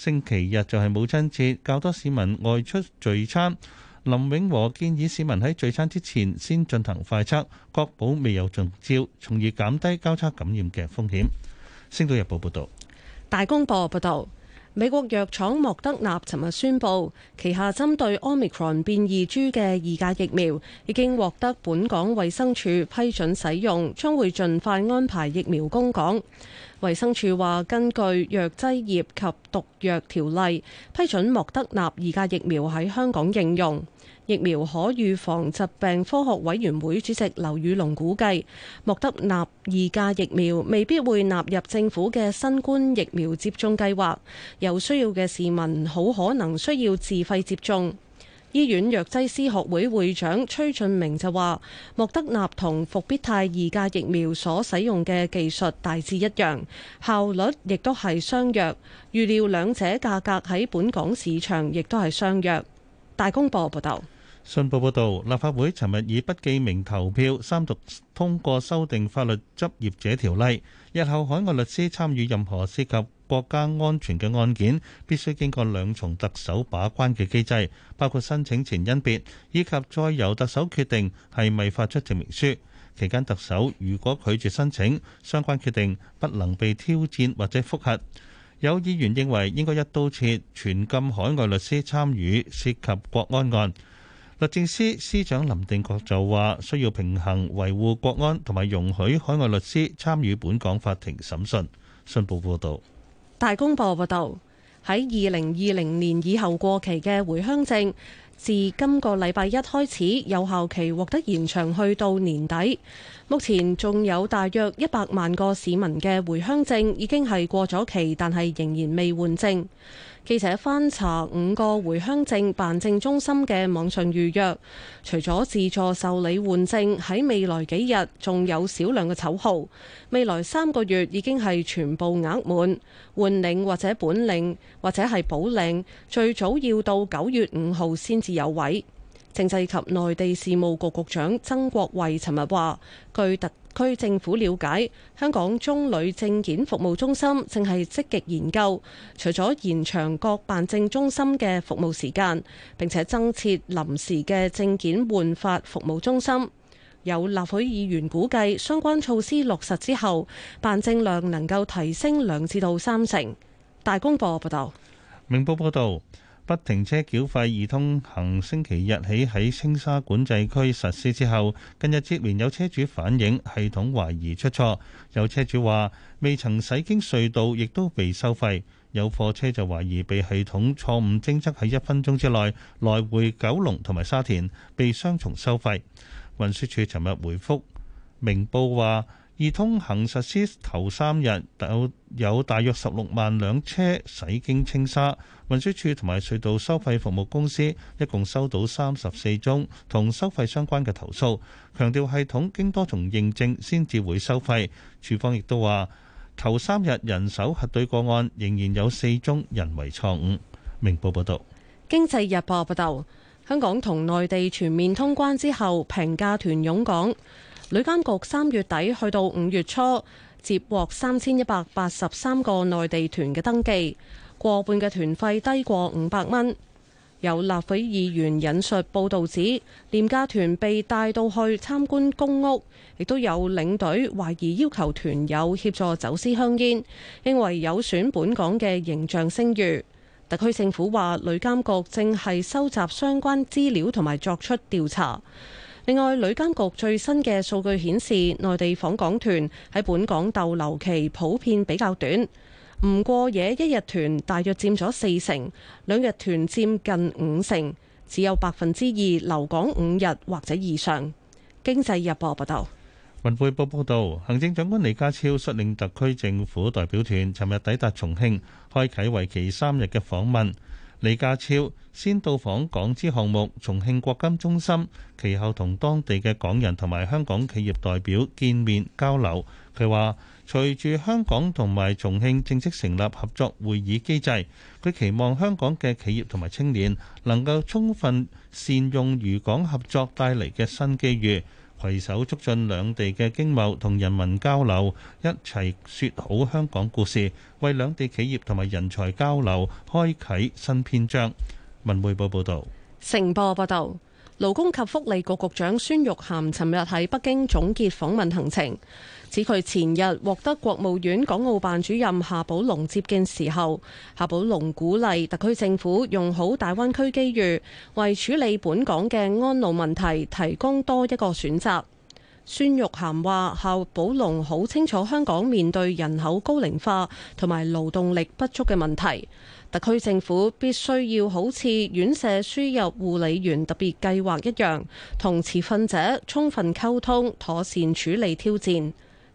星期日就係母親節，較多市民外出聚餐。林永和建議市民喺聚餐之前先進行快測，確保未有中招，從而減低交叉感染嘅風險。星島日報報道。大公報報道。美國藥廠莫德納尋日宣布，旗下針對 Omicron 變異株嘅二價疫苗已經獲得本港衛生署批准使用，將會盡快安排疫苗供港。衛生署話，根據藥劑業及毒藥條例，批准莫德納二價疫苗喺香港應用。疫苗可預防疾病科學委員會主席劉宇龍估計，莫德納二價疫苗未必會納入政府嘅新冠疫苗接種計劃，有需要嘅市民好可能需要自費接種。醫院藥劑師學會會長崔俊明就話，莫德納同復必泰二價疫苗所使用嘅技術大致一樣，效率亦都係相若，預料兩者價格喺本港市場亦都係相若。大公報報道。信報報導，立法會尋日以不記名投票三讀通過修訂法律執業者條例，日後海外律師參與任何涉及國家安全嘅案件，必須經過兩重特首把關嘅機制，包括申請前甄別以及再由特首決定係咪發出證明書。期間特首如果拒絕申請，相關決定不能被挑戰或者複核。有議員認為應該一刀切，全禁海外律師參與涉及國安案。律政司司長林定國就話，需要平衡維護國安同埋容許海外律師參與本港法庭審訊。信報報道。大公報報道，喺二零二零年以後過期嘅回鄉證，自今個禮拜一開始，有效期獲得延長去到年底。目前仲有大約一百萬個市民嘅回鄉證已經係過咗期，但係仍然未換證。記者翻查五個回鄉證辦證中心嘅網上預約，除咗自助受理換證，喺未來幾日仲有少量嘅籌號。未來三個月已經係全部額滿，換領或者本領或者係補領，最早要到九月五號先至有位。政制及內地事務局局，局長曾國衛尋日話，據特區政府了解，香港中旅證件服務中心正係積極研究，除咗延長各辦證中心嘅服務時間，並且增設臨時嘅證件換發服務中心。有立法會議員估計，相關措施落實之後，辦證量能夠提升兩至到三成。大公報報道。明報報導。不停車繳費易通行星期日起喺青沙管制區實施之後，近日接連有車主反映系統懷疑出錯。有車主話未曾駛經隧道，亦都被收費。有貨車就懷疑被系統錯誤徵責喺一分鐘之內來回九龍同埋沙田，被雙重收費。運輸署尋日回復明報話，易通行實施頭三日有大約十六萬輛車駛經青沙。運輸署同埋隧道收費服務公司一共收到三十四宗同收費相關嘅投訴，強調系統經多重認證先至會收費。署方亦都話，頭三日人手核對個案，仍然有四宗人為錯誤。明報報道。《經濟日報》報道，香港同內地全面通關之後，平價團湧港，旅監局三月底去到五月初，接獲三千一百八十三個內地團嘅登記。過半嘅團費低過五百蚊。有立法議員引述報導指，廉價團被帶到去參觀公屋，亦都有領隊懷疑要求團友協助走私香煙，認為有損本港嘅形象聲譽。特區政府話，旅監局正係收集相關資料同埋作出調查。另外，旅監局最新嘅數據顯示，內地訪港團喺本港逗留期普遍比較短。唔過夜一日團大約佔咗四成，兩日團佔近五成，只有百分之二留港五日或者以上。經濟日報報道，文匯報報道，行政長官李家超率領特區政府代表團尋日抵達重慶，開啓為期三日嘅訪問。李家超先到訪港資項目重慶國金中心，其後同當地嘅港人同埋香港企業代表見面交流。佢話。隨住香港同埋重慶正式成立合作會議機制，佢期望香港嘅企業同埋青年能夠充分善用渝港合作帶嚟嘅新機遇，攜手促進兩地嘅經貿同人民交流，一齊説好香港故事，為兩地企業同埋人才交流開啓新篇章。文匯報報導，成報報導，勞工及福利局局長孫玉菡尋日喺北京總結訪問行程。指佢前日獲得國務院港澳辦主任夏寶龍接見時候，夏寶龍鼓勵特區政府用好大灣區機遇，為處理本港嘅安老問題提供多一個選擇。孫玉菡話：夏寶龍好清楚香港面對人口高齡化同埋勞動力不足嘅問題，特區政府必須要好似院舍輸入護理員特別計劃一樣，同持份者充分溝通，妥善處理挑戰。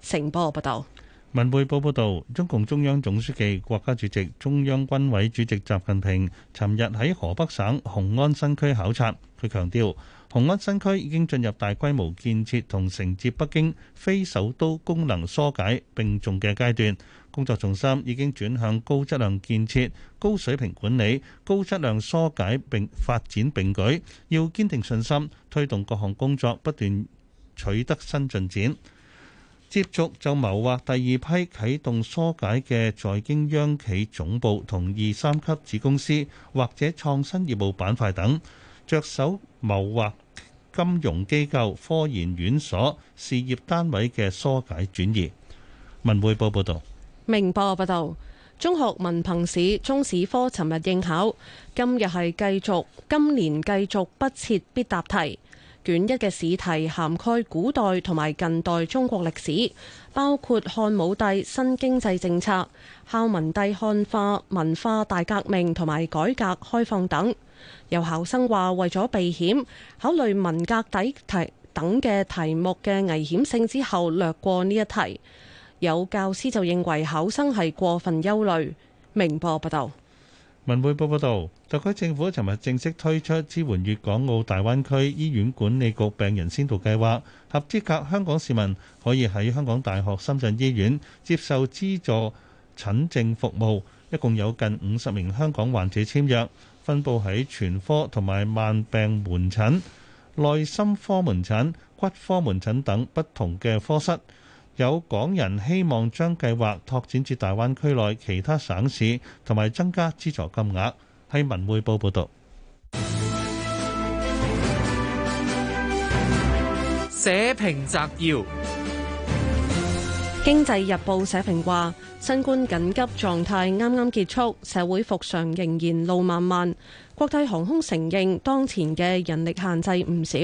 成波報道，文匯報報道，中共中央總書記、國家主席、中央軍委主席習近平尋日喺河北省雄安新區考察。佢強調，雄安新區已經進入大規模建設同承接北京非首都功能疏解並重嘅階段，工作重心已經轉向高質量建設、高水平管理、高質量疏解並發展並舉。要堅定信心，推動各項工作不斷取得新進展。接續就謀劃第二批啟動疏解嘅在京央企總部同二三級子公司，或者創新業務板塊等，着手謀劃金融機構、科研院所、事業單位嘅疏解轉移。文匯報報道。明報報道，中學文憑試中史科尋日應考，今日係繼續，今年繼續不設必答題。卷一嘅試題涵蓋古代同埋近代中國歷史，包括漢武帝新經濟政策、孝文帝漢化、文化大革命同埋改革開放等。有考生話為咗避險，考慮文革底題等嘅題目嘅危險性之後，略過呢一題。有教師就認為考生係過分憂慮。明報報道。文匯報報道，特區政府尋日正式推出支援粵港澳大灣區醫院管理局病人先導計劃，合資格香港市民可以喺香港大學深圳醫院接受資助診症服務，一共有近五十名香港患者簽約，分布喺全科同埋慢病門診、內心科門診、骨科門診等不同嘅科室。有港人希望將計劃拓展至大灣區內其他省市，同埋增加資助金額。係文匯報報道：社評摘要，《經濟日報》社評話：新冠緊急狀態啱啱結束，社會復常仍然路漫漫。國泰航空承認當前嘅人力限制唔少，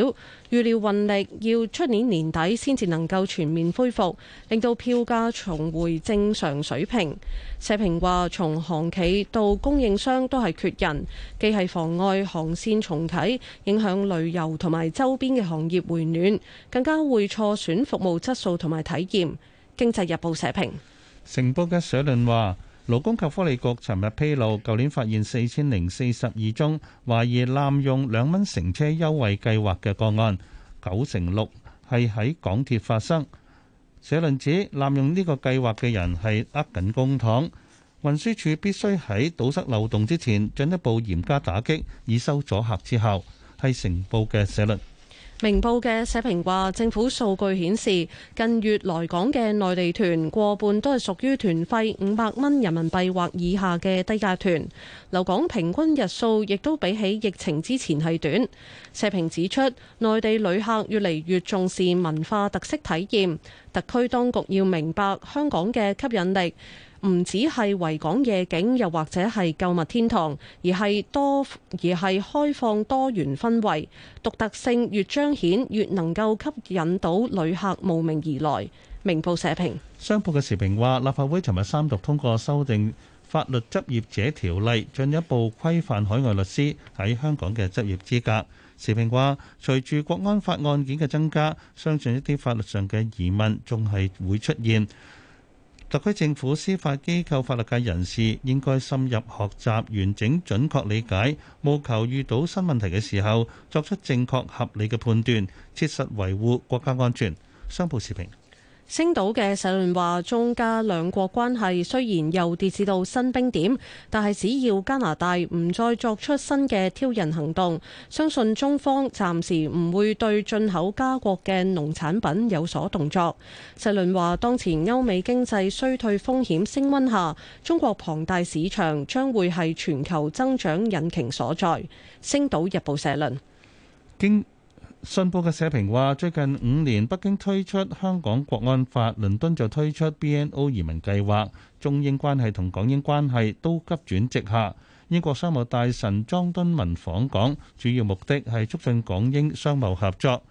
預料運力要出年年底先至能夠全面恢復，令到票價重回正常水平。社評話：從航企到供應商都係缺人，既係妨礙航線重啟，影響旅遊同埋周邊嘅行業回暖，更加會錯選服務質素同埋體驗。經濟日報社評。成報嘅社論話。勞工及福利局尋日披露，舊年發現四千零四十二宗懷疑濫用兩蚊乘車優惠計劃嘅個案，九成六係喺港鐵發生。社論指濫用呢個計劃嘅人係呃緊公帑，運輸署必須喺堵塞漏洞之前進一步嚴加打擊，以收阻嚇之效。係成報嘅社論。明報嘅社評話，政府數據顯示，近月來港嘅內地團過半都係屬於團費五百蚊人民幣或以下嘅低價團，留港平均日數亦都比起疫情之前係短。社評指出，內地旅客越嚟越重視文化特色體驗，特區當局要明白香港嘅吸引力。唔止係維港夜景，又或者係購物天堂，而係多而係開放多元氛圍、獨特性，越彰顯，越能夠吸引到旅客慕名而來。明報社評。商報嘅時評話，立法會尋日三讀通過修訂法律執業者條例，進一步規範海外律師喺香港嘅執業資格。時評話，隨住國安法案件嘅增加，相信一啲法律上嘅疑問仲係會出現。特區政府、司法機構、法律界人士應該深入學習、完整準確理解，務求遇到新問題嘅時候作出正確合理嘅判斷，切實維護國家安全。商報時評。星島嘅社論話：中加兩國關係雖然又跌至到新冰點，但係只要加拿大唔再作出新嘅挑釁行動，相信中方暫時唔會對進口加國嘅農產品有所動作。社論話：當前歐美經濟衰退風險升溫下，中國龐大市場將會係全球增長引擎所在。星島日報社論。經。信報嘅社評話：最近五年，北京推出香港國安法，倫敦就推出 BNO 移民計劃，中英關係同港英關係都急轉直下。英國商務大臣莊敦文訪港，主要目的係促進港英商務合作。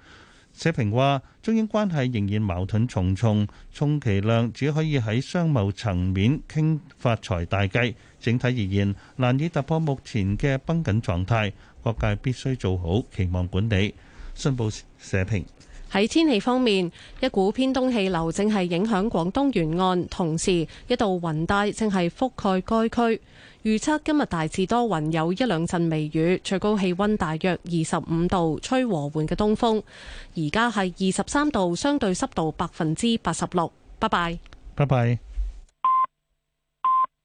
社評話：中英關係仍然矛盾重重，充其量只可以喺商務層面傾發財大計。整體而言，難以突破目前嘅繃緊狀態。各界必須做好期望管理。信報社，喺天氣方面，一股偏東氣流正係影響廣東沿岸，同時一道雲帶正係覆蓋該區。預測今日大致多雲，有一兩陣微雨，最高氣温大約二十五度，吹和緩嘅東風。而家係二十三度，相對濕度百分之八十六。拜拜。拜拜。